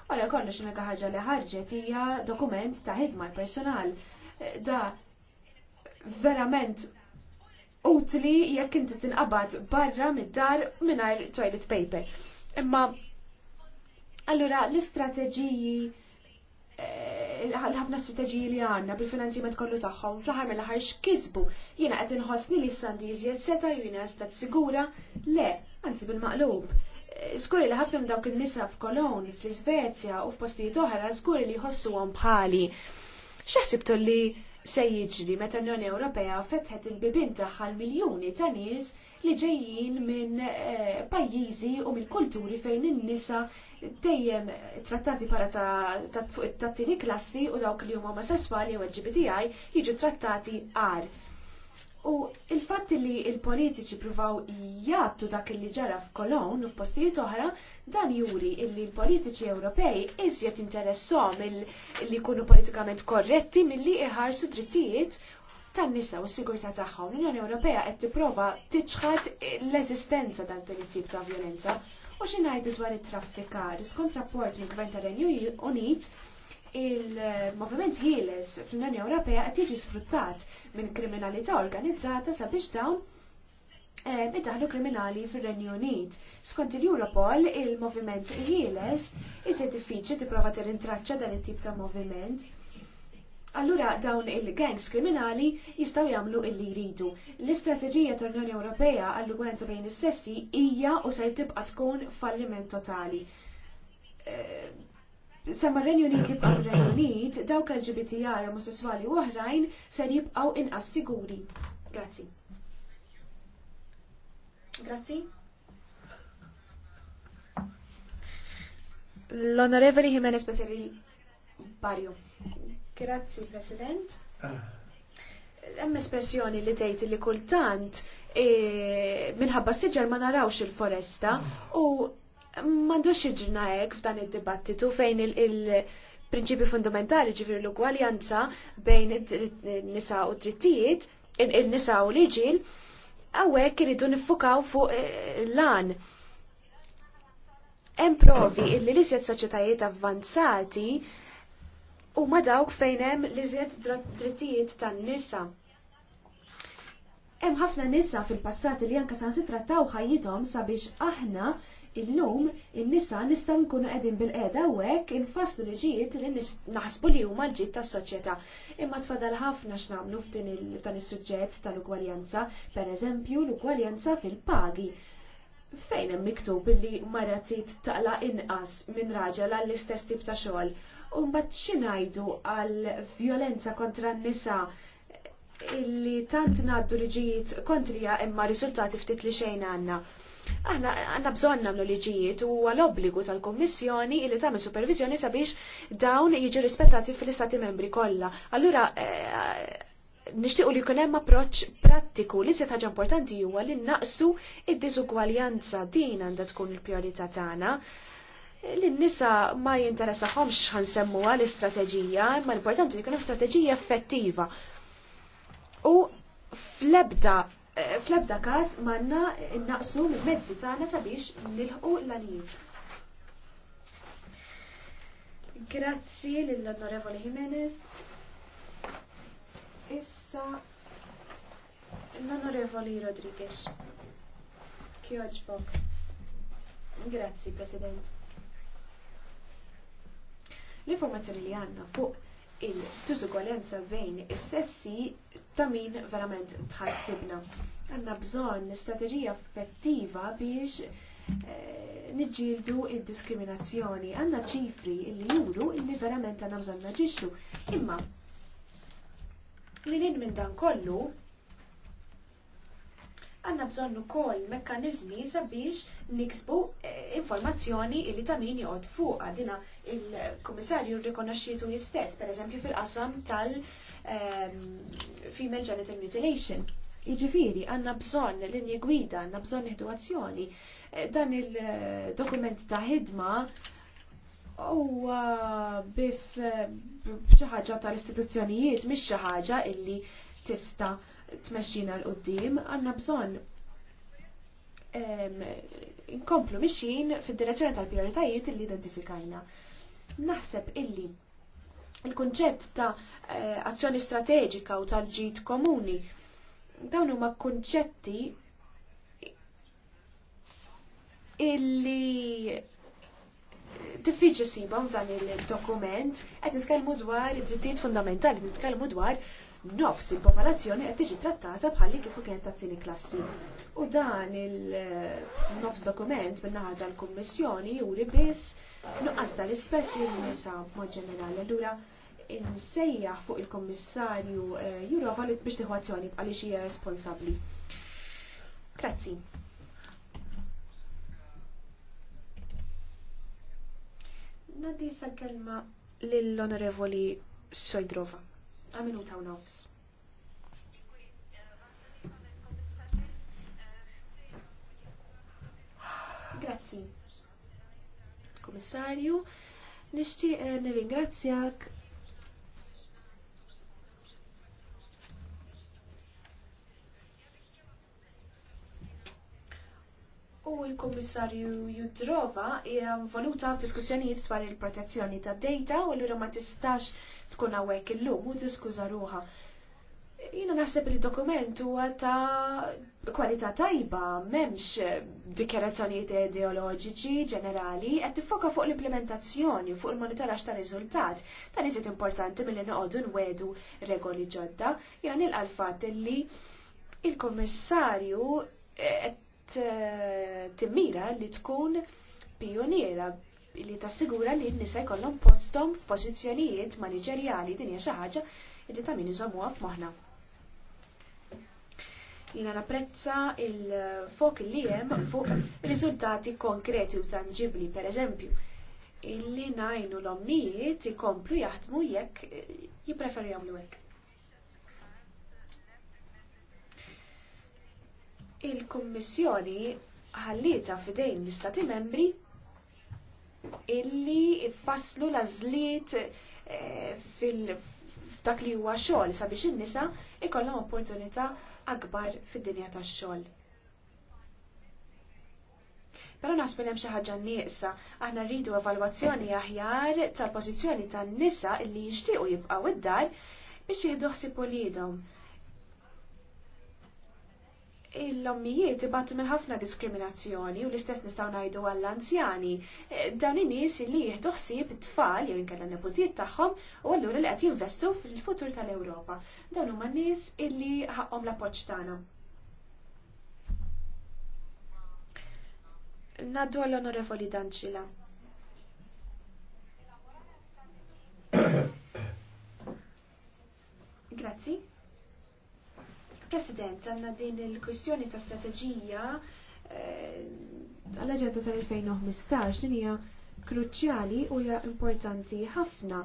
Wara kollox l ħaġa li ħarġet hija dokument ta' ħidma personal. Da verament utli jekk inti tinqabad barra mid-dar mingħajr toilet paper. Imma allura l-istrateġiji eh, l-ħafna strateġiji li għanna bil-finanzjament kollu tagħhom fl-aħħar mill-aħħar x'kisbu. Jiena qed inħossni li s-sandi jiżjed seta' jiena stat sigura le, anzi bil-maqlub. Skuri li ħafna dawk in-nisa f'Kolon, fl-Iżvezja u f'postijiet oħra żgur li jħossuhom bħali. X'aħsibtu li se jiġri meta l-Unjoni Ewropea fetħet il-bibin tagħha l-miljuni ta' nies li ġejjin minn eh, pajjiżi u minn kulturi fejn in-nisa dejjem trattati para ta' tat-tieni klassi u dawk li huma sesswali u LGBTI jiġu trattati għar. U il-fatt li il-politiċi provaw jgħattu dak li ġara f'Kolon u f'postijiet oħra, dan juri illi l-politiċi Ewropej iżjed interessom li jkunu politikament korretti milli iħarsu drittijiet tan-nisa u s-sigurtà tagħha, L-Unjoni Ewropea qed tipprova tiċħad l-eżistenza dan din it-tip ta' violenza. U xi ngħidu dwar it-traffikar, skont rapport mill Gvern ta' renju Unit, il-moviment Healers fl-Unjoni Ewropea qed jiġi sfruttat minn kriminalità organizzata sabiex dawn ehm, id-daħlu kriminali fil-Renju Unit. Skont il-Europol, il-moviment Healers, iżjed diffiċli tipprova tirintraċċa dan it-tip ta' moviment allura dawn il-gangs kriminali jistaw jagħmlu illi jridu. L-istrateġija tal-Unjoni Ewropea għall-ugwanza bejn is-sessi hija u ser tibqa' tkun falliment totali. r eh, Renju Unit jibqaw Renju Unit, dawk LGBTI omosessuali u oħrajn ser jibqaw inqas siguri. Grazzi. Grazzi. L-Onorevoli Jimenez Becerril Barrio. Grazzi, President. Ah. Hemm espressjoni li tgħid li kultant e, minħabba s-siġar ma narawx il-foresta u m'għandux jiġrna hekk f'dan id-dibattitu fejn il-prinċipi fundamentali ġifieri l-ugwaljanza bejn nisa u drittijiet, il-nisa u l-iġil, għawek iridu nifukaw fuq e, lan. Hemm provi li l soċjetajiet avvanzati u ma dawk fejn hemm li drittijiet tan-nisa. Hemm ħafna nisa fil-passat li anke san sitrattaw ħajjithom sabiex aħna illum in-nisa nistgħu nkunu qegħdin bil-qeda u hekk infasslu liġijiet li naħsbu li huma l-ġid tas-soċjetà. Imma tfadal ħafna x'nagħmlu f'dan is-suġġett tal-ugwaljanza, pereżempju l-ugwaljanza fil-pagi fejn hemm miktub illi mara taqla inqas minn raġel għall-istess tip ta' xogħol u mbagħad xinajdu għal violenza kontra n-nisa illi tant ngħaddu liġijiet kontrija imma risultati ftit li xejn għandna. Aħna għandna bżonn nagħmlu liġijiet u għal obbligu tal-Kommissjoni illi tagħmel supervizjoni sabiex dawn jiġu rispettati fl-Istati membri kollha. Allura eh, nixtiequ li jkun hemm approċċ prattiku li se ħaġa importanti huwa li naqsu id-diżugwaljanza din għandha tkun il-pjorità tagħna l-nisa ma jinteressaħomx ħansemmu għal istrateġija, imma l-importanti li kunem strateġija effettiva. U flebda eh, flebda kas manna naqsu mezzi tagħna sabiex nilħu l-għalijiet. Grazzi lill-Onorevoli Jimenez. Issa l-Onorevoli Rodriguez. Kjoġbok. Grazzi, President. L-informazzjoni li għanna fuq il-tużugolenza bejn is-sessi ta' min verament tħassibna. Għanna bżon strateġija effettiva biex eh, nġildu il-diskriminazzjoni. Għanna ċifri li juru li verament għanna bżon naġiċu. Imma, li minn dan kollu, għanna bżonn ukoll mekkanizmi sabiex niksbu eh, informazzjoni li ta' min joqgħod fuqha dina il-komissarju rikonoxxietu jistess, per eżempju fil-qasam tal-female ehm, genital mutilation. Iġifiri, għanna bżon linji gwida, għanna bżon nihdu eh, Dan il-dokument eh, ta' ħidma u biss eh, ħaġa tal-istituzzjonijiet, xi ħaġa illi tista tmexxina l-qoddim, għanna bżon ehm, inkomplu mixin fid-direzzjoni tal-prioritajiet li identifikajna. Naħseb illi il-kunċett ta' eh, azzjoni strateġika u tal-ġid komuni dawn huma kunċetti illi diffiċi sibom f'dan il-dokument qed nitkellmu dwar id-drittijiet fundamentali, nitkellmu dwar nofs il-popolazzjoni qed tiġi trattata bħalli kif kienet tat-tieni klassi. U dan il-nofs dokument min-naħa tal-Kummissjoni juri biss Nuqqas tal-rispett li nisa mod ġenerali. Allura insejja fuq il-Kommissarju eh, Jurova li biex tieħu azzjoni għaliex hija responsabbli. Grazzi. Nadi sa' kelma lill-Onorevoli Sojdrova. Għaminu ta' nofs. Kummissarju. Nixtieq eh, nirringrazzjak U l-Komissarju Judrova hija involuta f'diskussjonijiet dwar il-protezzjoni ta' data u l ma tistax tkun hawnhekk illum u diskuża ruha. Jiena naħseb li dokument huwa ta' kwalità tajba m'hemmx eh, dikjarazzjonijiet ideoloġiċi ġenerali qed tiffoka fuq l-implementazzjoni fuq il-monitoraġġ ta' riżultat dan iżjed importanti milli noqogħdu nwedu regoli ġodda jiena nilqa' l-fatt li il-Kummissarju eh, qed eh, timmira li tkun pioniera li tassigura li n-nisa jkollhom posthom f'pożizzjonijiet maniġerjali din hija xi ħaġa li ta' min iżommuha f'moħħna. Jina napprezza il-fok li jem fuq rizultati konkreti u tangibli, per eżempju, illi najnu l-omnijiet ikomplu jaħdmu jekk jipreferu jagħmlu hekk. Il-Kummissjoni ħallita f'idejn l-Istati membri illi ifasslu l-azliet eh, fil dak li huwa xogħol sabiex in-nisa ikollhom opportunità akbar fid-dinja tax-xogħol. Pero minn hemm xi ħaġa nieqsa, aħna rridu evalwazzjoni aħjar tal-pożizzjoni tan-nisa li jixtiequ jibqgħu id-dar biex jieħdu ħsibu lilhom l-ommijiet ibatu minn ħafna diskriminazzjoni u l-istess nistgħu ngħidu għall-anzjani. E, Dawn in-nies li jieħdu ħsieb it-tfal jew inkella nepotiet tagħhom u allura li qed jinvestu fil-futur tal-Ewropa. Dawn huma nies illi ħaqhom l-appoġġ tagħna. Naddu għall-Onorevoli Danċila. Grazzi. President, għanna din il-kwistjoni ta' strategija eh, għall-ġedda tal-2015 din hija kruċjali u hija importanti ħafna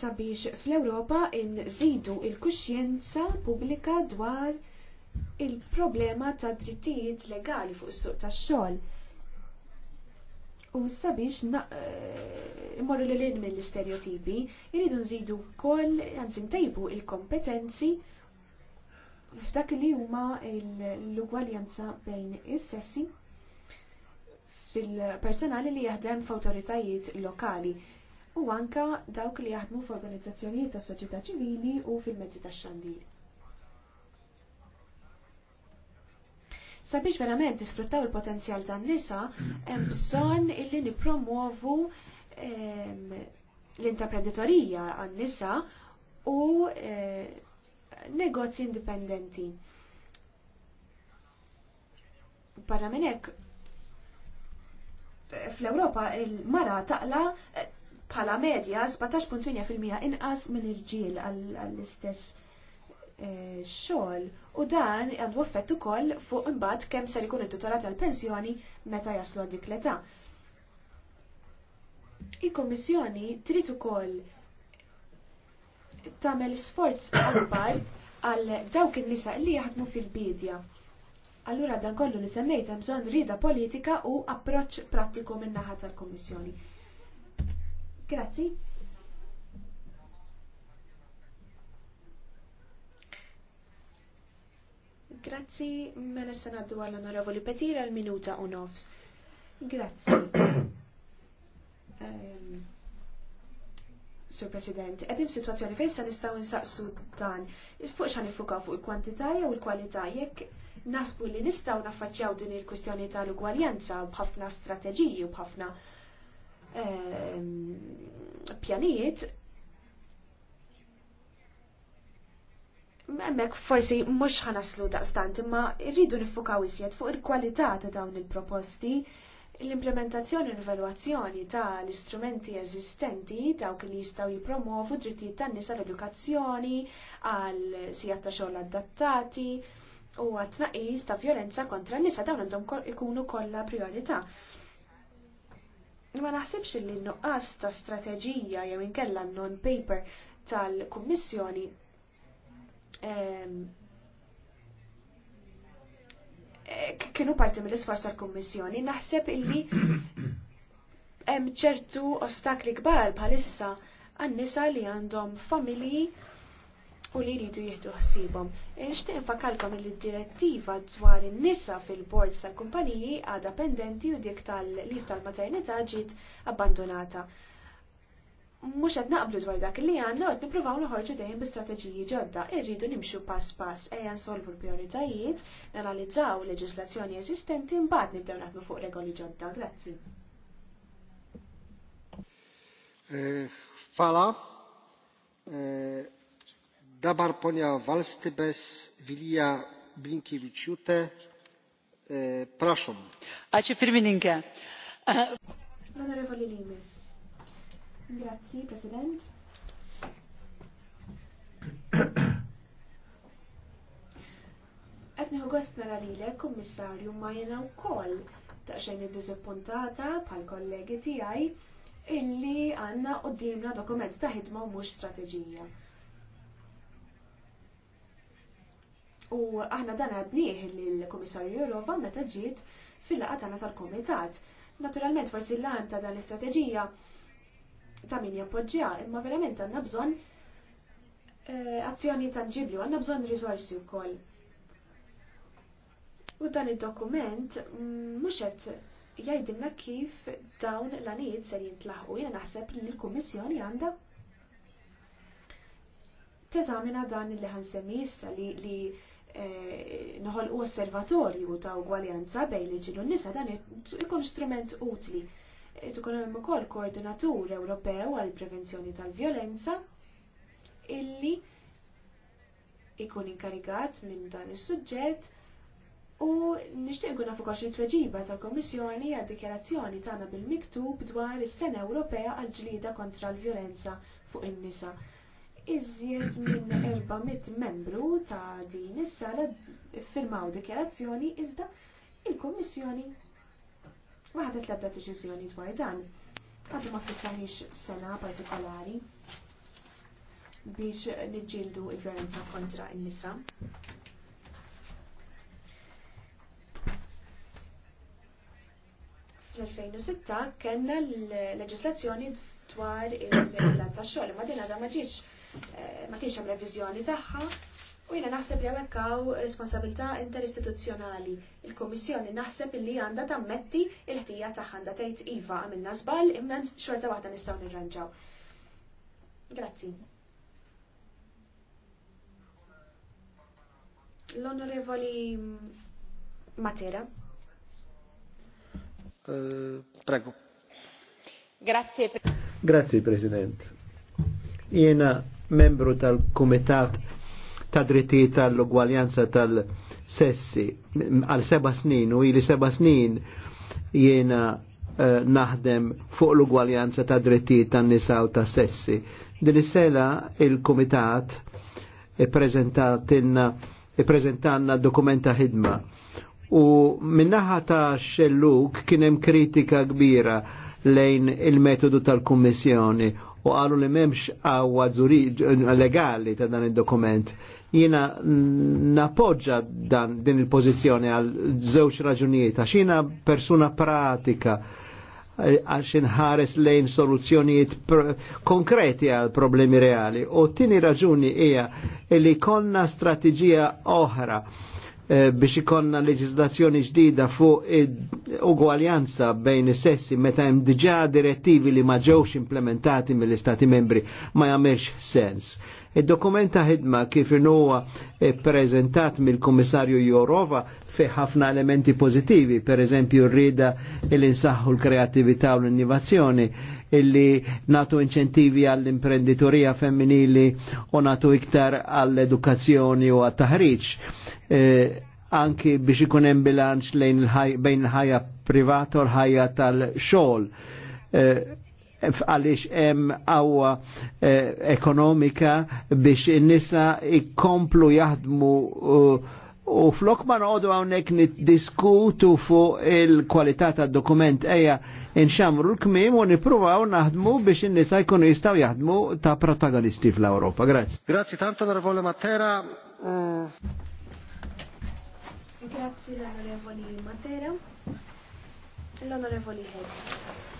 sabiex fl-Ewropa nżidu il-kuxjenza pubblika dwar il-problema ta' drittijiet legali fuq is-suq tax-xogħol. U sabiex eh, imorru l lin mill-istereotipi, irridu nżidu wkoll anzi ntejbu il-kompetenzi f'dak li huma l-ugwaljanza bejn is-sessi fil-personali li jaħdem f'awtoritajiet lokali u anka dawk li jaħdmu f'organizzazzjonijiet tas soċjetà ċivili u fil-mezzi tax-xandir. Sabiex verament isfruttaw il-potenzjal tan-nisa, hemm bżonn illi nippromuovu ehm, l-intraprenditorija għan-nisa u eh, negozji indipendenti. Barra minn hekk eh, fl-Ewropa il-mara taqla eh, bħala medja 17.8% inqas minn irġiel għall-istess eh, xogħol u dan għandu effett ukoll fuq imbagħad kemm ser ikun it-tutorat tal-pensjoni meta jaslu għal dik l-età. Il-Kommissjoni trid ukoll tagħmel sforz akbar għal dawk il nisa li jaħdmu fil-bidja. Allura dan kollu li semmejt hemm bżonn rida politika u approċċ prattiku min-naħa tal-Kummissjoni. Grazzi. Grazzi, mela se ngħaddu għall-Onorevoli Petira l-minuta u nofs. Grazzi. um, Sur President, għedim situazzjoni fejn sa nistgħu nsaqsu dan. Fuq xan nifukaw fuq il-kwantità jew il-kwalità jekk nasbu li nistgħu naffaċċjaw din il-kwistjoni tal-ugwaljanza b'ħafna strateġiji u b'ħafna ehm, pjanijiet. Hemmhekk forsi mhux ħanaslu daqstant imma rridu nifukaw isjed fuq il-kwalità ta' dawn il-proposti. il proposti L-implementazzjoni u l-evaluazzjoni ta' l-istrumenti eżistenti dawk li jistaw jipromovu drittijiet tan-nisa l-edukazzjoni għal sijat ta' xogħol adattati u għat-tnaqqis ta' violenza kontra n-nisa dawn għandhom ikunu kollha priorità. Ma naħsibx li n-nuqqas ta' strateġija jew inkella non-paper tal-Kummissjoni ehm, Eh, kienu parti mill-isforz tal-Kummissjoni, naħseb illi hemm ċertu ostakli kbar bħalissa għan-nisa li għandhom familji u li jridu jieħdu ħsiebhom. Nixtieq infakalkom li d-direttiva dwar in-nisa fil-boards tal-kumpaniji għadha pendenti u dik tal-lif tal-maternità ġiet abbandonata mux għed naqblu dwar dak li għanna għed nipruvaw nħorġu dejjem bi-strateġiji ġodda, irridu nimxu pass pass ejja nsolvu l-prioritajiet, nanalizzaw leġislazzjoni eżistenti mbagħad nibdew naħdmu fuq regoli ġodda. Grazzi. Eh, fala, eh, dabar ponja Valstibes, Vilija Blinkiewicz-Jute, eh, Praszom. Aċi firmininke. l Limis. Grazzi, President. Etniħu gost nara lile, kummissarju, ma jena u koll taqxajn id-dizappuntata pal kollegi tijaj illi għanna u dimna dokument ta' ħidma u mux strategija. U aħna dan għadniħ li l-Komissarju Jurova meta ġiet fil-laqatana tal-Komitat. Naturalment forsi l-għan ta' dan l-istrateġija ta' min jappoġġiha, imma verament għandna bżonn eh, azzjoni tangibli, għandna bżonn risorsi wkoll. U dan id-dokument mm, mhux qed jgħidilna kif dawn l-anijiet ser jintlaħqu. Jiena naħseb li l-Kummissjoni għandha teżamina dan li ħansemmi issa li eh, noħol osservatorju ta' ugwaljanza bejn il-ġilu nisa dan ikun strument utli Qed hemm ukoll koordinatur Ewropew għall prevenzjoni tal-vjolenza illi ikun inkarigat minn dan is-suġġett u nixtieq ikun nafu kox it-tweġiba tal-Kommissjoni għad dikjarazzjoni tagħna bil-miktub dwar is-Sena Ewropea għall ġlieda kontra l-vjolenza fuq in-nisa. Iżjed minn 400 membru ta' din is-sala ffirmaw dikjarazzjoni iżda il-Kommissjoni Waħda tlabda deċiżjoni dwar dan. Għadu ma fissaniex sena partikolari biex nġildu il-violenza kontra n-nisa. Fl-2006 kellna l-leġislazzjoni dwar il-violenza tax-xogħol, ma din għadha ma ġietx eh, ma kienx hemm reviżjoni tagħha U jina naħseb li għamek għaw responsabilità interistituzzjonali. Il-Komissjoni naħseb li għanda tammetti il-ħtija ta' għanda tajt Iva għamilna zbal imma xorta waħda nistaw nirranġaw. Grazzi. L-Onorevoli Matera. Uh, prego. Grazie. Pre Grazie President. Jena membru tal-Komitat ta' dritti tal-ugwaljanza tal-sessi għal seba snin u ili seba snin jiena uh, naħdem fuq l-ugwaljanza ta' dritti tan-nisa u ta' sessi. Din is-sela il-Kumitat ippreżentatilna prezentanna dokumenta ħidma. U minnaħa ta' xelluk kienem kritika kbira lejn il-metodu tal-Kummissjoni u għalu li memx għawa legali ta' dan il-dokument. Jina napoġġa dan din il-pozizjoni għal żewġ raġunijiet, għax jina persuna pratika għax inħares lejn soluzzjonijiet konkreti għal problemi reali. U tini raġuni hija li konna strategija oħra eh, biex ikonna leġislazzjoni ġdida fuq ugwaljanza bejn is-sessi meta hemm diġà direttivi li ma ġewx implementati mill-Istati membri ma jagħmilx sens. Il-dokument ta' ħidma kif huwa eh, prezentat mill-Kummissarju Jorova fi ħafna elementi pożittivi, per eżempju rrida l-insaħħu l-kreatività u l-innovazzjoni, illi natu inċentivi għall-imprenditorija femminili u natu iktar għall-edukazzjoni u għat-taħriġ. Eh, anki biex ikun hemm bilanċ bejn il-ħajja privata u l-ħajja tal-xogħol. Eh, għaliex hemm qawwa eh, ekonomika biex in-nisa jkomplu jaħdmu eh, U flok ma noqdu hawnhekk diskutu fuq il-kwalità ta' dokument eja inxamru l-kmim u nippruvaw naħdmu biex n-nisa jkunu jistaw jaħdmu ta' protagonisti fl-Europa. Grazie. Grazie tanto, onorevole Matera. Mm. Grazie l'onorevoli Matera. L'onorevoli Hedges.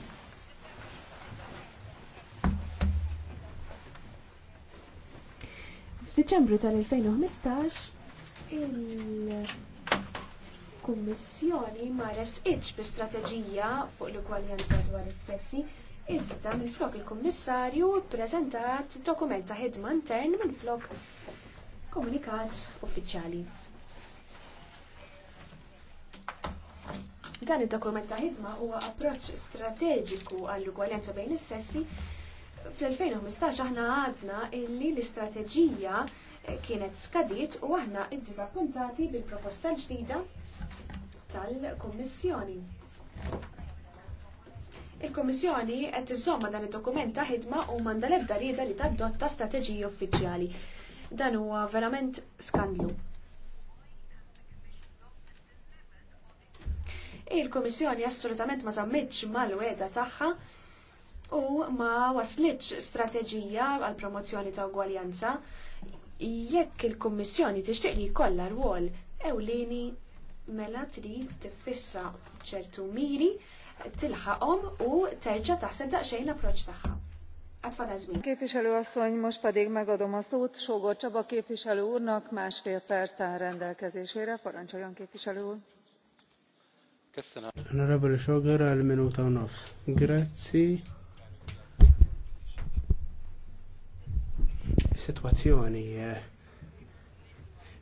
F'Diċembru tal-2015 il-Kummissjoni ma resqitx bi strateġija fuq l-ugwaljanza dwar is-sessi, iżda minflok il-Kummissarju ppreżentat dokument ta' ħidma intern minflok komunikat uffiċjali. Dan id-dokument ta' ħidma huwa approċċ strateġiku għall-ugwaljanza bejn is-sessi fl-2015 aħna għadna illi l-istrateġija eh, kienet skadiet u aħna id-dizappuntati bil-proposta ġdida tal-Kommissjoni. Il-Kommissjoni qed iżomma dan id-dokument ta' ħidma u manda l-ebda rieda li tadotta strateġija uffiċjali. Dan huwa verament skandlu. Il-Kommissjoni assolutament ma żammitx mal-weda tagħha u ma waslitx strateġija għal promozzjoni ta' ugwaljanza jekk il-Kummissjoni tixtieq li jkollha rwol ewlieni mela trid tiffissa ċertu miri tilħaqhom u terġa' taħseb daqsxejn l-approċċ tagħha. Għatfada żmien. Képviselő asszony, most pedig megadom a szót Sógor Csaba képviselő úrnak másfél perc áll rendelkezésére. Parancsoljon képviselő úr. Köszönöm. Honorable Sógor, al minuta nofs. Grazie. situazzjoni sitwazzjoni eh,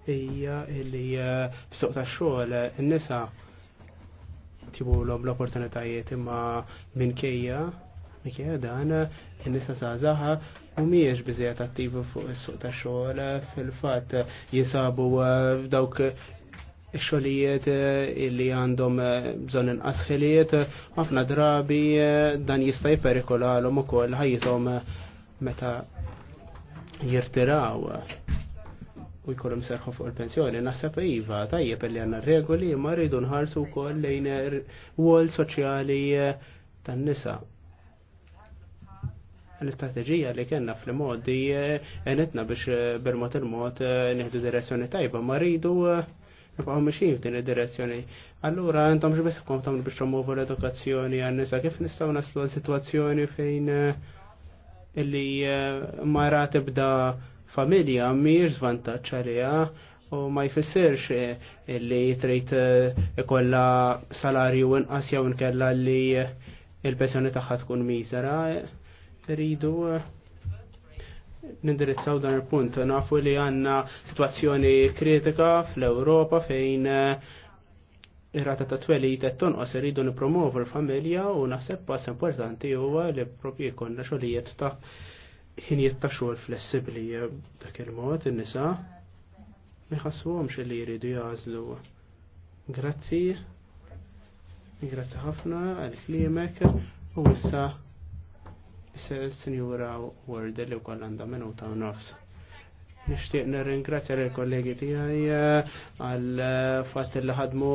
hija li eh, f'suq tax-xogħol in-nisa eh, tibulhom l-opportunitajiet imma minkejja minkejja dan in-nisa żgħażagħ mhijiex biżejjed attivi fuq is-suq tax-xogħol fil-fatt jinsabu f'dawk xogħlijiet illi għandhom bżonn inqas ħiliet ħafna drabi dan jista' jperikolalhom ukoll ħajjithom meta jirtiraw u jkollhom serħu fuq il-pensjoni, naħseb iva tajjeb li għandna regoli ma rridu nħarsu wkoll lejn wol soċjali eh, tan-nisa. L-istrateġija li kellna fl-modi eh, għenetna biex eh, bermot il-mod nieħdu direzzjoni tajba ma rridu nifqaw mixin f'din id-direzzjoni. Allura, intom xbis kom biex promovu l-edukazzjoni għan-nisa, kif nistgħu naslu l sitwazzjoni fejn illi eh, mara tibda familja mhijiex żvantaġġ għaliha u ma jfissirx eh, illi trid eh, ikolla salarju inqas jew inkella li il-pensjoni tagħha tkun miżera. Rridu nindirizzaw dan il-punt. Nafu li għanna situazzjoni kritika fl-Europa fejn Irrata ta' tweli jitet tonqos irridu nipromovu l-familja u naħseb pass importanti huwa li propri jkollna xogħlijiet ta' ħinijiet ta' xogħol flessibbli dak il-mod in-nisa ma jħassuhomx li jridu jażlu. Grazzi. Grazzi ħafna għal kliemek u issa issa s-sinjura Word li wkoll għandha minuta u nofs. Nishtiq nirringrazzja l-kollegi tiegħi eh, għal eh, fatt li ħadmu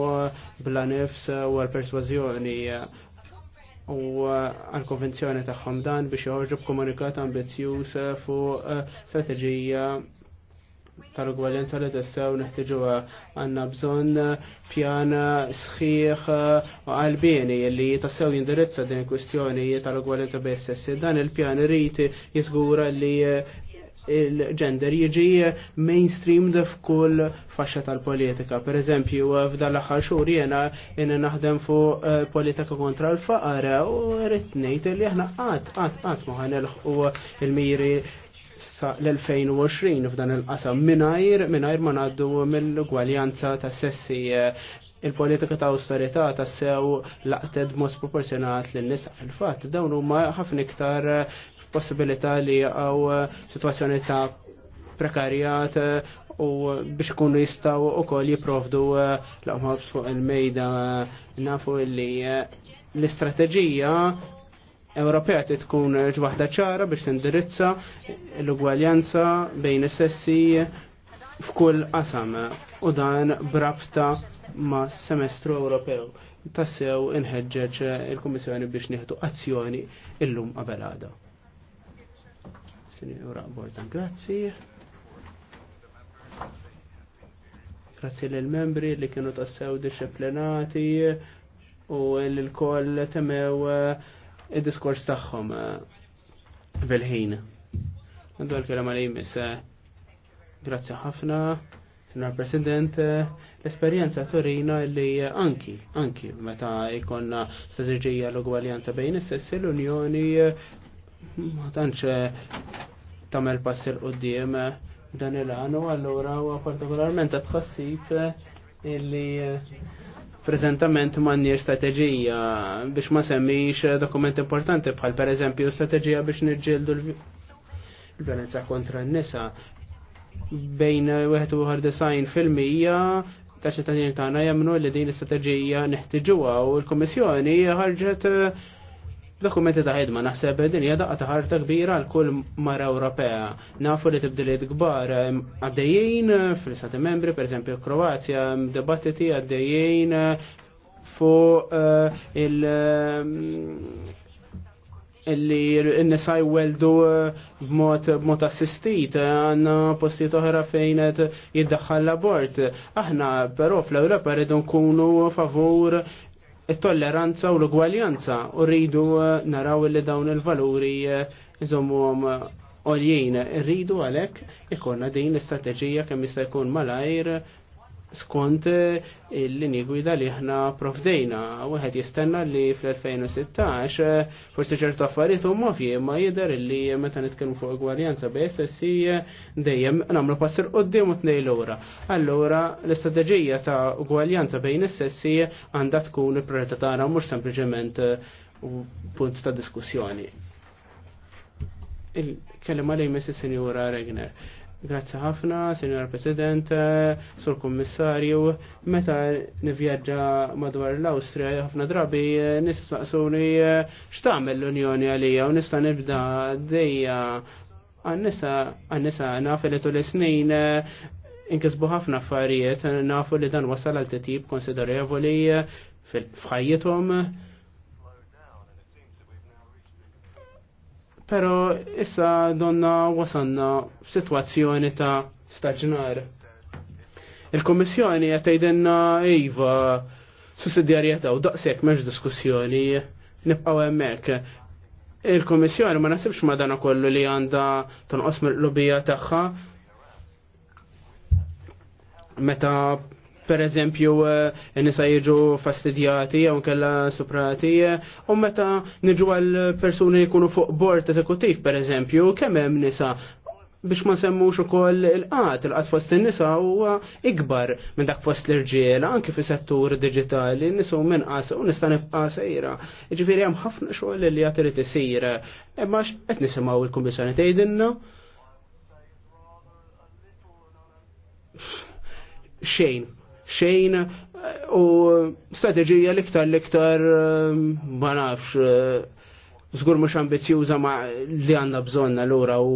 bla nifs u għal persważjoni eh, u għal konvenzjoni tagħhom dan biex joħorġu b'komunikat ambizjuż fuq strateġija tal-ugwaljanza li tassew neħtiġu għandna bżonn pjana sħiħ u bieni li tassew jindirizza din kwistjoni tal-ugwaljanza bejn sessi. Dan il-pjan rriti jiżgura li il-gender jiġi mainstreamed f'kull faxxa tal-politika. Per eżempju, f'dan l-aħħar xhur jiena jiena naħdem fuq eh, politika kontra l-faqar u rrid ngħid li aħna qatt qatt qatt ma ħanelħu il-miri sa l-2020 f'dan il-qasam minajr minajr ma ngħaddu mill-gwaljanza ta' sessi il-politika ta' austerità ta' sew laqted mos proporzjonat l nisa fil-fatt dawn huma ħafna iktar possibilità li għaw eh, situazzjoni ta' prekarjat eh, u biex kunu jistaw u kol jiprovdu eh, l-għamħabs fuq il-mejda nafu li l-istrateġija Ewropea tkun ġwaħda ċara biex tindirizza l-ugwaljanza bejn is-sessi f'kull qasam u dan brabta ma' semestru Ewropew. Tassew inħeġġeġ il-Kummissjoni biex nieħdu azzjoni illum qabel għada. Sinjura Bordan, grazzi. Grazzi l-membri li kienu tassew disciplinati u l-koll temew eh, il-diskors tagħhom bil-ħin. Eh, Għandu għal-kelama li jmissa. Eh, grazzi ħafna, Sinar President, l-esperienza torina li anki, anki, meta ikonna strategija l-ugwaljanza bejn s sessi l-Unjoni ma tanċe tamel pass il-qoddim eh, dan il-għanu għallura u partikolarment tħassib eh, illi eh, prezentament manni strategija biex ma semmix dokument importanti bħal per eżempju strategija biex nirġildu l-violenza kontra n-nisa bejn u 91 fil-mija ta' ċittadini tagħna jemnu li din l-istrateġija neħtiġuha u l-Kummissjoni ħarġet Dokumenti ta' ħidma naħseb din hija daqqa ta' ħarta kbira għal kull mara Ewropea. Nafu li tibdiliet kbar għaddejjin fl-Istati Membri, pereżempju Kroazja, debattiti għaddejjin fuq eh, il- illi n-nisaj weldu eh, b'mod assistit, għanna postijiet oħra fejn qed jiddaħħal l-abort. Aħna però fl-Ewropa rridu nkunu favur it-tolleranza u l-ugwaljanza u rridu eh, naraw li dawn il-valuri eh, iżommuhom eh, għoljien. Rridu għalhekk ikonna din l-istrateġija kemm jista' jkun malajr skont eh, il-linji gwida li ħna u Wieħed jistenna li fl-2016 eh, forsi ċertu affarijiet huma ovvji ma jider li meta nitkellmu fuq egwaljanza b'SSI eh, dejjem nagħmlu passer qudiem u tnej lura. Allura l-istrateġija ta' ugwaljanza bejn is-sessi għandha tkun il-priorità tagħna mhux sempliċement punt ta' diskussjoni. il kellem li Messi is-Sinjura Regner. Grazzi ħafna, Signor President, Sur Kommissarju. Meta nivvjaġġa madwar l austria ħafna drabi nistaqsuni x'tagħmel l-Unjoni għalija u nista' nibda dejja għan għannisa, għan-nisa naf li tul snin inkisbu ħafna affarijiet nafu li dan wasal għal titjib konsiderevoli fil-fħajjithom Pero issa donna wasanna f'sitwazzjoni ta' staġnar. Il-Kommissjoni qed tgħidilna iva sussidjarjetà u daqshekk m'hemmx diskussjoni nibqgħu hemmhekk. Il-Kommissjoni ma nasibx ma dana kollu li għandha tonqos mill-lubija tagħha meta per eżempju eh, nisa jiġu fastidjati jew kella suprati eh, u meta niġu għal persuni jkunu fuq bord eżekuttiv per eżempju kemm hemm nisa biex ma semmux ukoll il-qat, il-qat fost in-nisa huwa ikbar minn dak fost l-irġiel, anke fi settur digitali, nisu minn qasa u nista' nibqa' sejra. Iġifiri hemm ħafna xogħol li qed irid isir. Imma qed nisimgħu il-Kummissjoni tgħidilna xejn xejn eh, u strategija liktar liktar eh, ma nafx eh, zgur mux ambizjuża ma li għanna bżonna l-ura u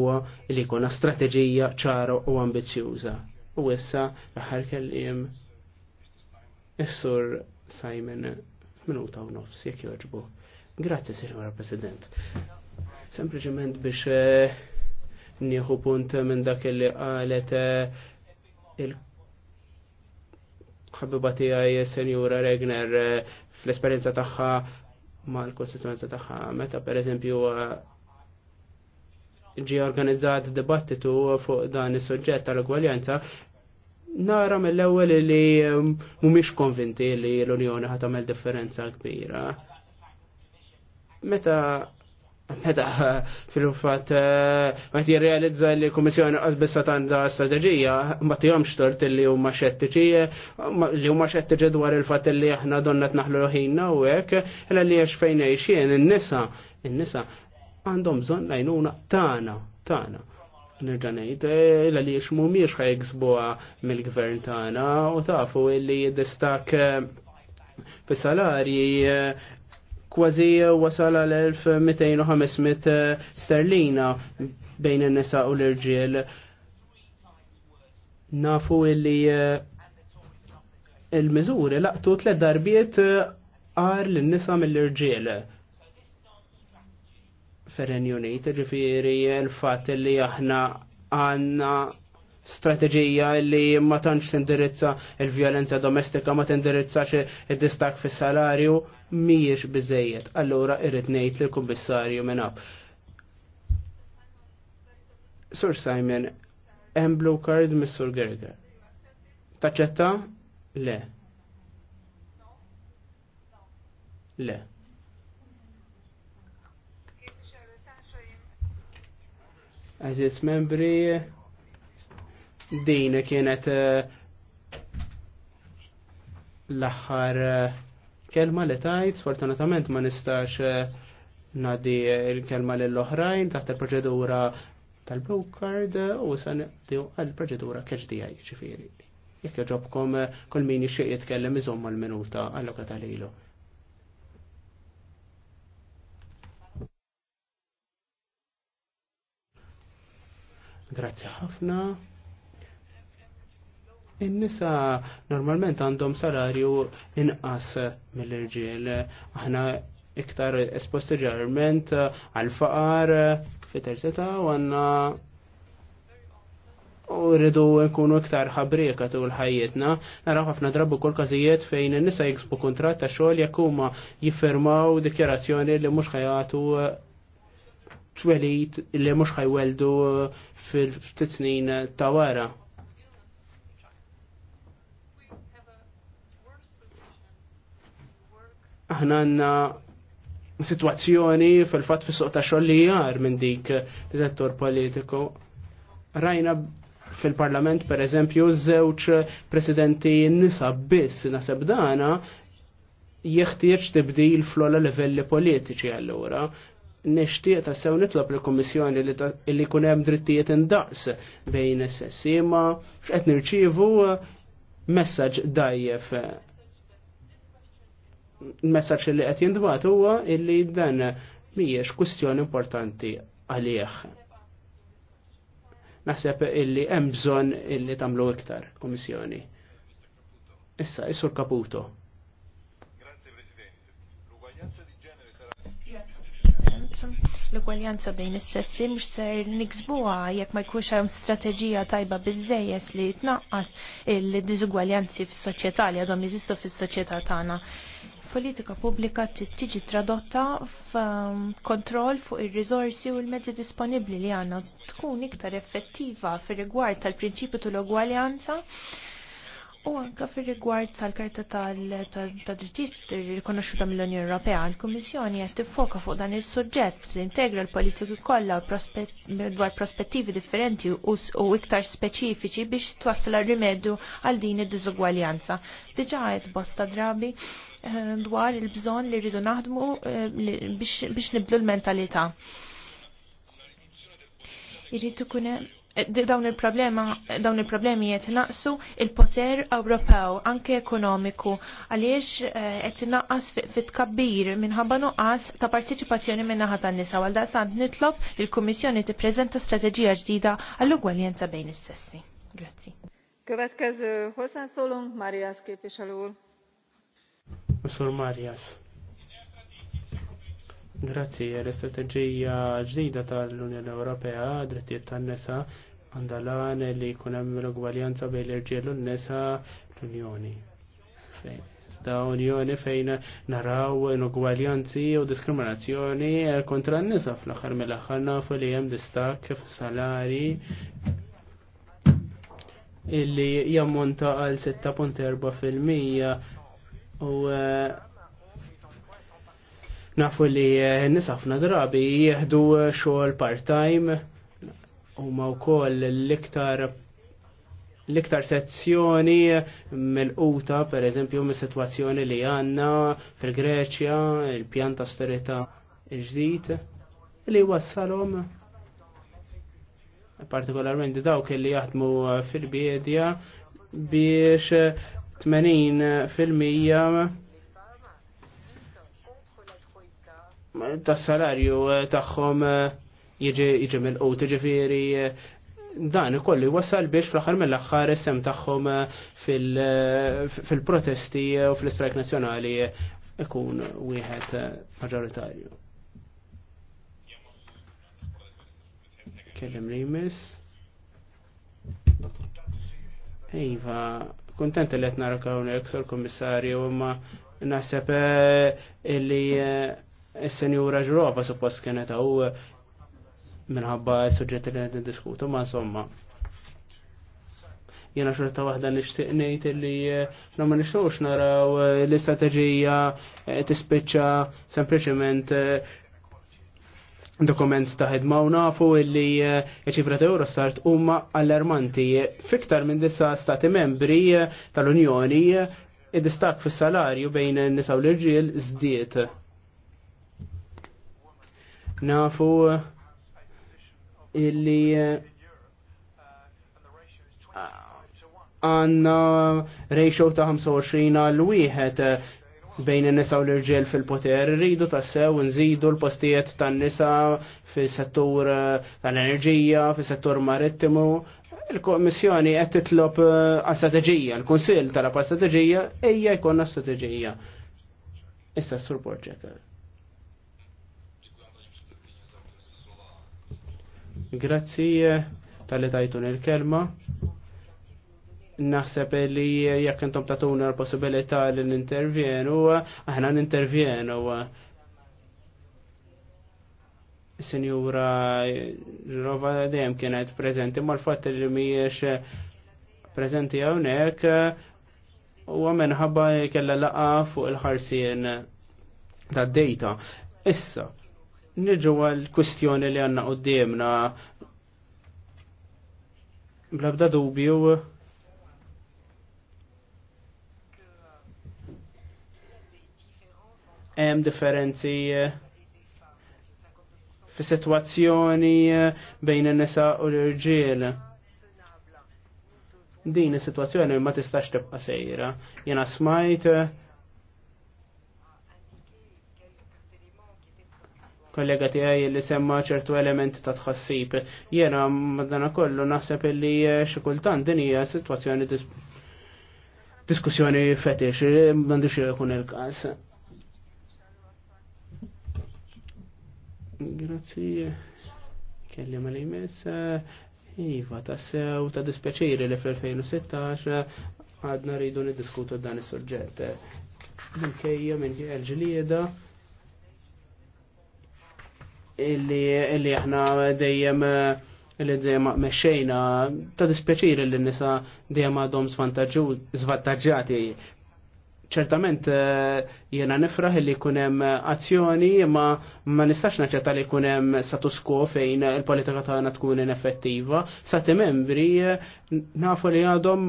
li kuna strateġija ċara u ambizjuża. U issa l-ħar kellim Is-sur Simon minuta u nofs, jek joġbu. Grazie, Sirmara President. Sempliciment biex nieħu punt minn dak li qalet il- ħabiba tiegħi Senjura Regner eh, fl-esperjenza tagħha mal l-konsistenza tagħha meta pereżempju eh, ġi organizzat dibattitu fuq dan is-suġġett tal-ugwaljanza nara mill-ewwel li eh, mhumiex konvinti li l-Unjoni ħatamel differenza kbira. Meta Meta fil fat meta eh, jirrealizza li l-Kummissjoni qasbissa għandha strateġija ma tihomx tort li huma xettiċi li huma xettiċi dwar il-fatt li aħna donna tnaħlu ħinna u hekk illa li għax fejn għejxien in-nisa in-nisa għandhom bżonn għajnuna tagħna tagħna. Nirġa' ngħid eh, illa li x mhumiex ħajksbuha mill-gvern tagħna u tafu li jidistak eh, fis-salarji kważi wasal għal 1250 eh, sterlina bejn in-nisa u l-irġiel. Nafu illi eh, il-miżuri laqtu tliet darbiet eh, għar l-nisa mill-irġiel. Ferenjoni, Unit, ġifiri l-fat li aħna għanna strateġija li ma tantx tindirizza il-vjolenza domestika, ma tindirizzax id-distak fis salarju mhijiex biżejjed. Allura irrid ngħid lill kummissarju minn ab. Sur Simon, hemm blue card mis-Sur Gerger. Taċċetta? Le. Le. Aziz membri, din kienet eh, l-axħar eh, kelma li tajt, sfortunatament ma nistax eh, nadi il-kelma l-oħrajn taħt il-proċedura tal-blue card u san għal-proċedura KHDI ċifiri. Jekk joġobkom kol min jixxieq jitkellem iżomma l-minuta allokat għalilu. Grazie ħafna. In-nisa normalment għandhom salarju inqas mill-irġiel. Aħna iktar esposti ġarment għal-faqar fit-terzita u għanna u rridu nkunu iktar ħabrieka tul ħajjetna. Naraw ħafna drabu kol każijiet fejn in-nisa jiksbu kontrat ta' xogħol jekk huma jiffirmaw dikjarazzjoni li mhux ħajatu twelit li mhux ħajweldu fil-ftit snin ta' wara. aħna għanna situazzjoni fil-fat fis ta' xollijar minn dik settur politiku. Rajna fil-parlament per eżempju żewġ presidenti nisa biss naseb dana jeħtieġ tibdil fl-ola livelli politiċi allura. Nixtieq ta' sew nitlob l kummissjoni li kun hemm drittijiet indaqs bejn is-sessima x'qed nirċievu messaġġ dajjef messaġġ li qed jindbat huwa illi dan mhijiex kwistjoni importanti għalih. Naħseb illi hemm bżonn illi tagħmlu iktar Kummissjoni. Issa, isur Caputo. L-ugwaljanza bejn is-sessi mhux ser niksbuha jekk ma jkunx hemm strateġija tajba biżejjes li tnaqqas il-diżugwaljanzi fis-soċjetà li għadhom jeżistu fis-soċjetà tagħna il-politika pubblika tiġi tradotta f'kontroll um, fuq ir-riżorsi u l-mezzi disponibbli li għandna tkun iktar effettiva fir-rigward tal-prinċipju tal-ugwaljanza u anka fir-rigward tal-Karta tal-Drittijiet rikonoxxuta mill-Unjoni Ewropea. Il-Kummissjoni qed tiffoka fuq dan is-suġġett li integra l-politiki kollha dwar prospettivi differenti u iktar speċifiċi biex twassal rimedju għal din id-diżugwaljanza. Diġà qed bosta drabi Eh, dwar il-bżon li rridu naħdmu eh, biex nibdlu l-mentalità. Irrid ikun eh, dawn il-problema dawn il-problemi qed naqsu il-poter Ewropew anke ekonomiku għaliex qed inaqqas fit-tkabbir minħabba nuqqas ta' parteċipazzjoni minn naħa tan-nisa għal daqsant nitlob il kummissjoni tippreżenta strateġija ġdida għall-ugwaljenza bejn is-sessi. Grazzi. Hosan hozzászólunk Marias képviselő Xalur u Sur Marjas. Grazzi, l istrategija ġdida tal-Unjoni Ewropea, drittijiet tan-nisa, għandalan li jkun hemm l-ugwaljanza bejn l-irġiel u n-nisa l-Unjoni. Sta Unjoni fejn naraw l-ugwaljanzi u diskriminazzjoni kontra n-nisa fl-aħħar mill-aħħar nafu li hemm distak f'salari illi jammonta għal 6.4 U uh, nafu li uh, nisafna drabi jieħdu uh, xogħol part-time u ma wkoll l-iktar l-iktar sezzjoni mill-quta, per eżempju, mis-sitwazzjoni li għanna fil-Greċja, il-pjan ta' storita ġdijt, li wassalhom partikolarment dawk li jaħdmu fil-bjedja biex 80% tas salarju eh, tagħhom eh, jiġi jiġi mill-qut ġifieri eh, dan ikollu jwassal biex fl-aħħar mill-aħħar isem tagħhom fil-protesti u fl-istrajk nazzjonali ikun wieħed maġoritarju. Kellem li Eva. Iva, kontent li qed nara hawnhekk sur kummissarju imma naħseb eh, illi eh, s-senjura ġrova suppost kienet hawn eh, minħabba s-suġġetti li qed diskutu ma insomma. Jena xorta waħda nixtieq ngħid illi no ma nixtieqx naraw l-istrateġija tispiċċa sempliċement dokument ta' ħedma u nafu illi eh, ċifra ta' euro start umma allarmanti. Fiktar minn disa stati membri eh, tal-Unjoni eh, id-distak fis salarju bejn nisaw l-irġiel zdiet. Nafu illi għanna ratio ta' 25 għal wieħed bejn in-nisa u l-irġiel fil-poter, rridu tassew nżidu l-postijiet tan-nisa fis-settur eh, tal-enerġija, fis-settur marittimu. Il-Kommissjoni qed titlob eh, għal strateġija, l-Kunsill talab pa strateġija ejja jkollna strateġija. Issa sur Borġek. Grazzi eh, tal-li tajtun il-kelma naħseb li jekk intom tatuna l-possibilità li nintervjenu, aħna nintervjenu. Sinjura Rova dejjem kienet preżenti, ma l-fatt li mhijiex preżenti hawnhekk huwa minħabba kellha laqa fuq il-ħarsien tad-dejta. Issa, niġu għal-kwistjoni li għanna qoddimna bla bda dubju hemm differenzi eh, fi situazzjoni eh, bejn in-nisa u l-irġiel. Din is-sitwazzjoni ma tistax tibqa' sejra. Jiena smajt eh, kollega tiegħi li semma ċertu elementi ta' tħassib. Jiena madana kollu naħseb li xi kultant din hija sitwazzjoni diskussjoni fetix, m'għandux jkun il-każ. Grazzi, kelli ma li jmess, Iva, ta' sew, ta' dispiaċiri li fl-2016 għadna rridu niddiskutu dan is sorġet Minkejja minn ġlieda illi aħna dejjem li dejjem mexxejna ta' dispeċiri li nisa dejjem għadhom zvantaġġati ċertament eh, jena nifraħ li kunem azzjoni ma ma nistax naċċetta li kunem status quo fejn il-politika tagħna tkun ineffettiva. Sati membri eh, nafu li għadhom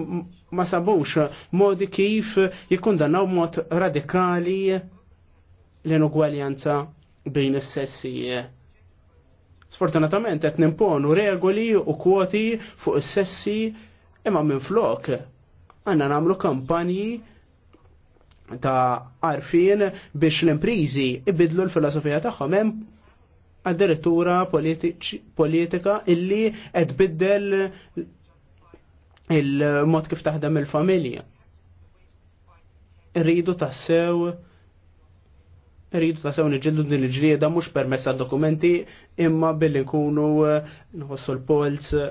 ma sabux modi kif jikkundannaw mod radikali l-inugwaljanza bejn is-sessi. Sfortunatament qed nimponu regoli u kwoti fuq is-sessi imma minn flok għandna nagħmlu kampanji ta' arfin biex l-imprizi ibidlu l-filosofija tagħhom hemm addirittura politika illi qed biddel il-mod kif taħdem il-familja. Rridu tassew rridu tassew niġildu din il-ġlieda mhux permessa dokumenti imma billi nkunu eh, nħossu l-polz eh,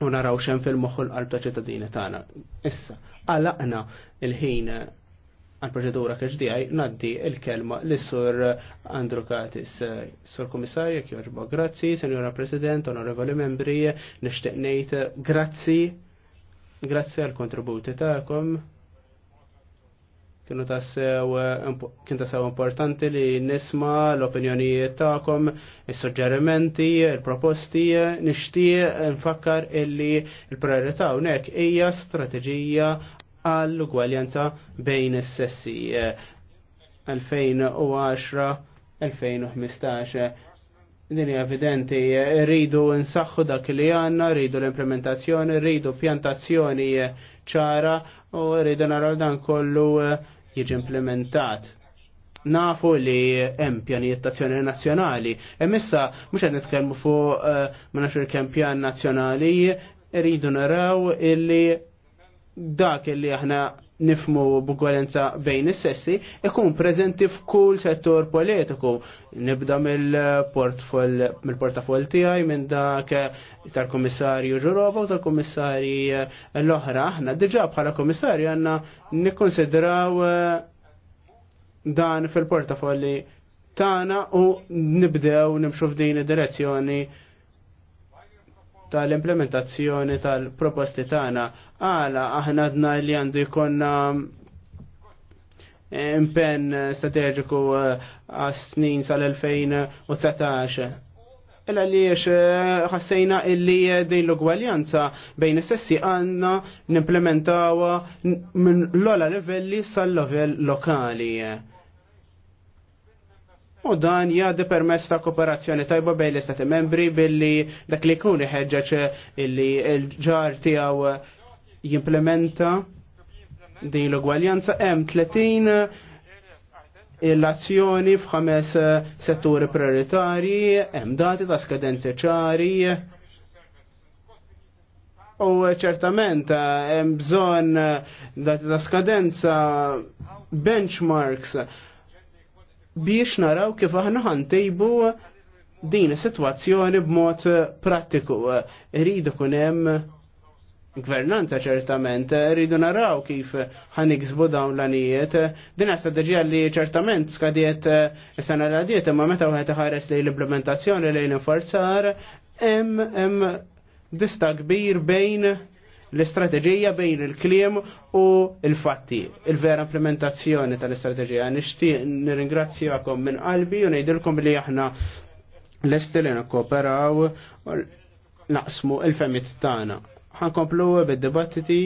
u naraw xem fil-moħħu l-qalb ta' ċittadini tagħna. Issa, għalaqna il-ħin għal proċedura kħeġdijaj naddi il-kelma l-sur Andru Katis. Sur komissarja, kjoġbo, grazzi, senjora president, onorevoli membri, nishtiqnejt, grazzi, grazzi għal kontributi ta'kom. Kienu tassew, kien tassew importanti li nisma l-opinjonijiet ta'kom, il-soġġerimenti, il-proposti, nishtiq nfakkar illi il-priorità unek hija strateġija għall-ugwaljanza bejn is-sessi 2010-2015. Eh, Din hija evidenti, eh, rridu nsaħħu dak li għandna, rridu l-implementazzjoni, rridu pjantazzjoni eh, ċara u rridu naraw dan kollu jiġi implementat nafu li hemm pjanijiet tazzjoni nazzjonali. Hemm issa mhux qed nitkellmu fuq ma nafx il-kemm pjan nazzjonali, rridu naraw illi dak li aħna nifmu b'gwalenza bejn is-sessi ikun preżenti f'kull settur politiku. Nibda mill-portafol tiegħi minn dak tal-Kummissarju Ġurova u tal-Kummissarji eh, l-oħra. Aħna diġà bħala Kummissarju għandna nikkonsidraw eh, dan fil-portafolli tagħna u nibdew nimxu f'din id-direzzjoni tal-implementazzjoni tal-proposti tagħna. Għala aħna dna li għandu jkun eh, impenn strateġiku eh, għas snin sal-2019. Illa li eh, ħassejna illi din l-ugwaljanza bejn is-sessi għandna implementawa minn l-ola livelli sal-level lokali U dan jgħaddi permess ta' kooperazzjoni tajba bejn l-istati membri billi dak li jkun iħeġġeġ illi l-ġar tiegħu jimplementa din l-ugwaljanza hemm 30 il-azzjoni f'ħames setturi prioritarji, hemm dati ta' skadenzi ċari. U ċertament hemm bżonn dati ta' skadenza benchmarks biex naraw kif aħna ħantejbu din is-sitwazzjoni b'mod eh, prattiku. Eh, rridu kun hemm gvernanza ċertament, eh, rridu naraw kif ħaniksbu dawn l-anijiet. Din strategija li ċertament skadiet sena l-għadiet, imma meta wieħed ħares li l-implementazzjoni li l forzar hemm distak kbir bejn l-istrateġija bejn il-kliem u il-fatti, il-vera implementazzjoni tal-istrateġija. Nishtiq nir-ingrazzjakom minn qalbi u ngħidilkom li aħna l-estilin kooperaw naqsmu il-femit tagħna. Ħankomplu bid-dibattiti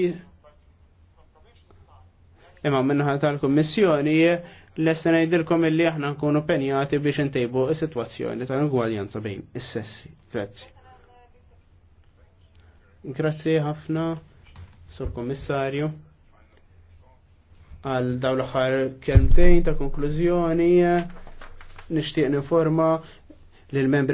imma minnaħa tal-Kummissjoni lesta ngħidilkom illi aħna nkunu penjati biex intejbu is-sitwazzjoni tal-ugwaljanza bejn is-sessi. Grazzi. Grazzi ħafna, Sur Kommissarju, għal dawn l-aħħar kelmtejn ta' konklużjoni nixtieq informa l membri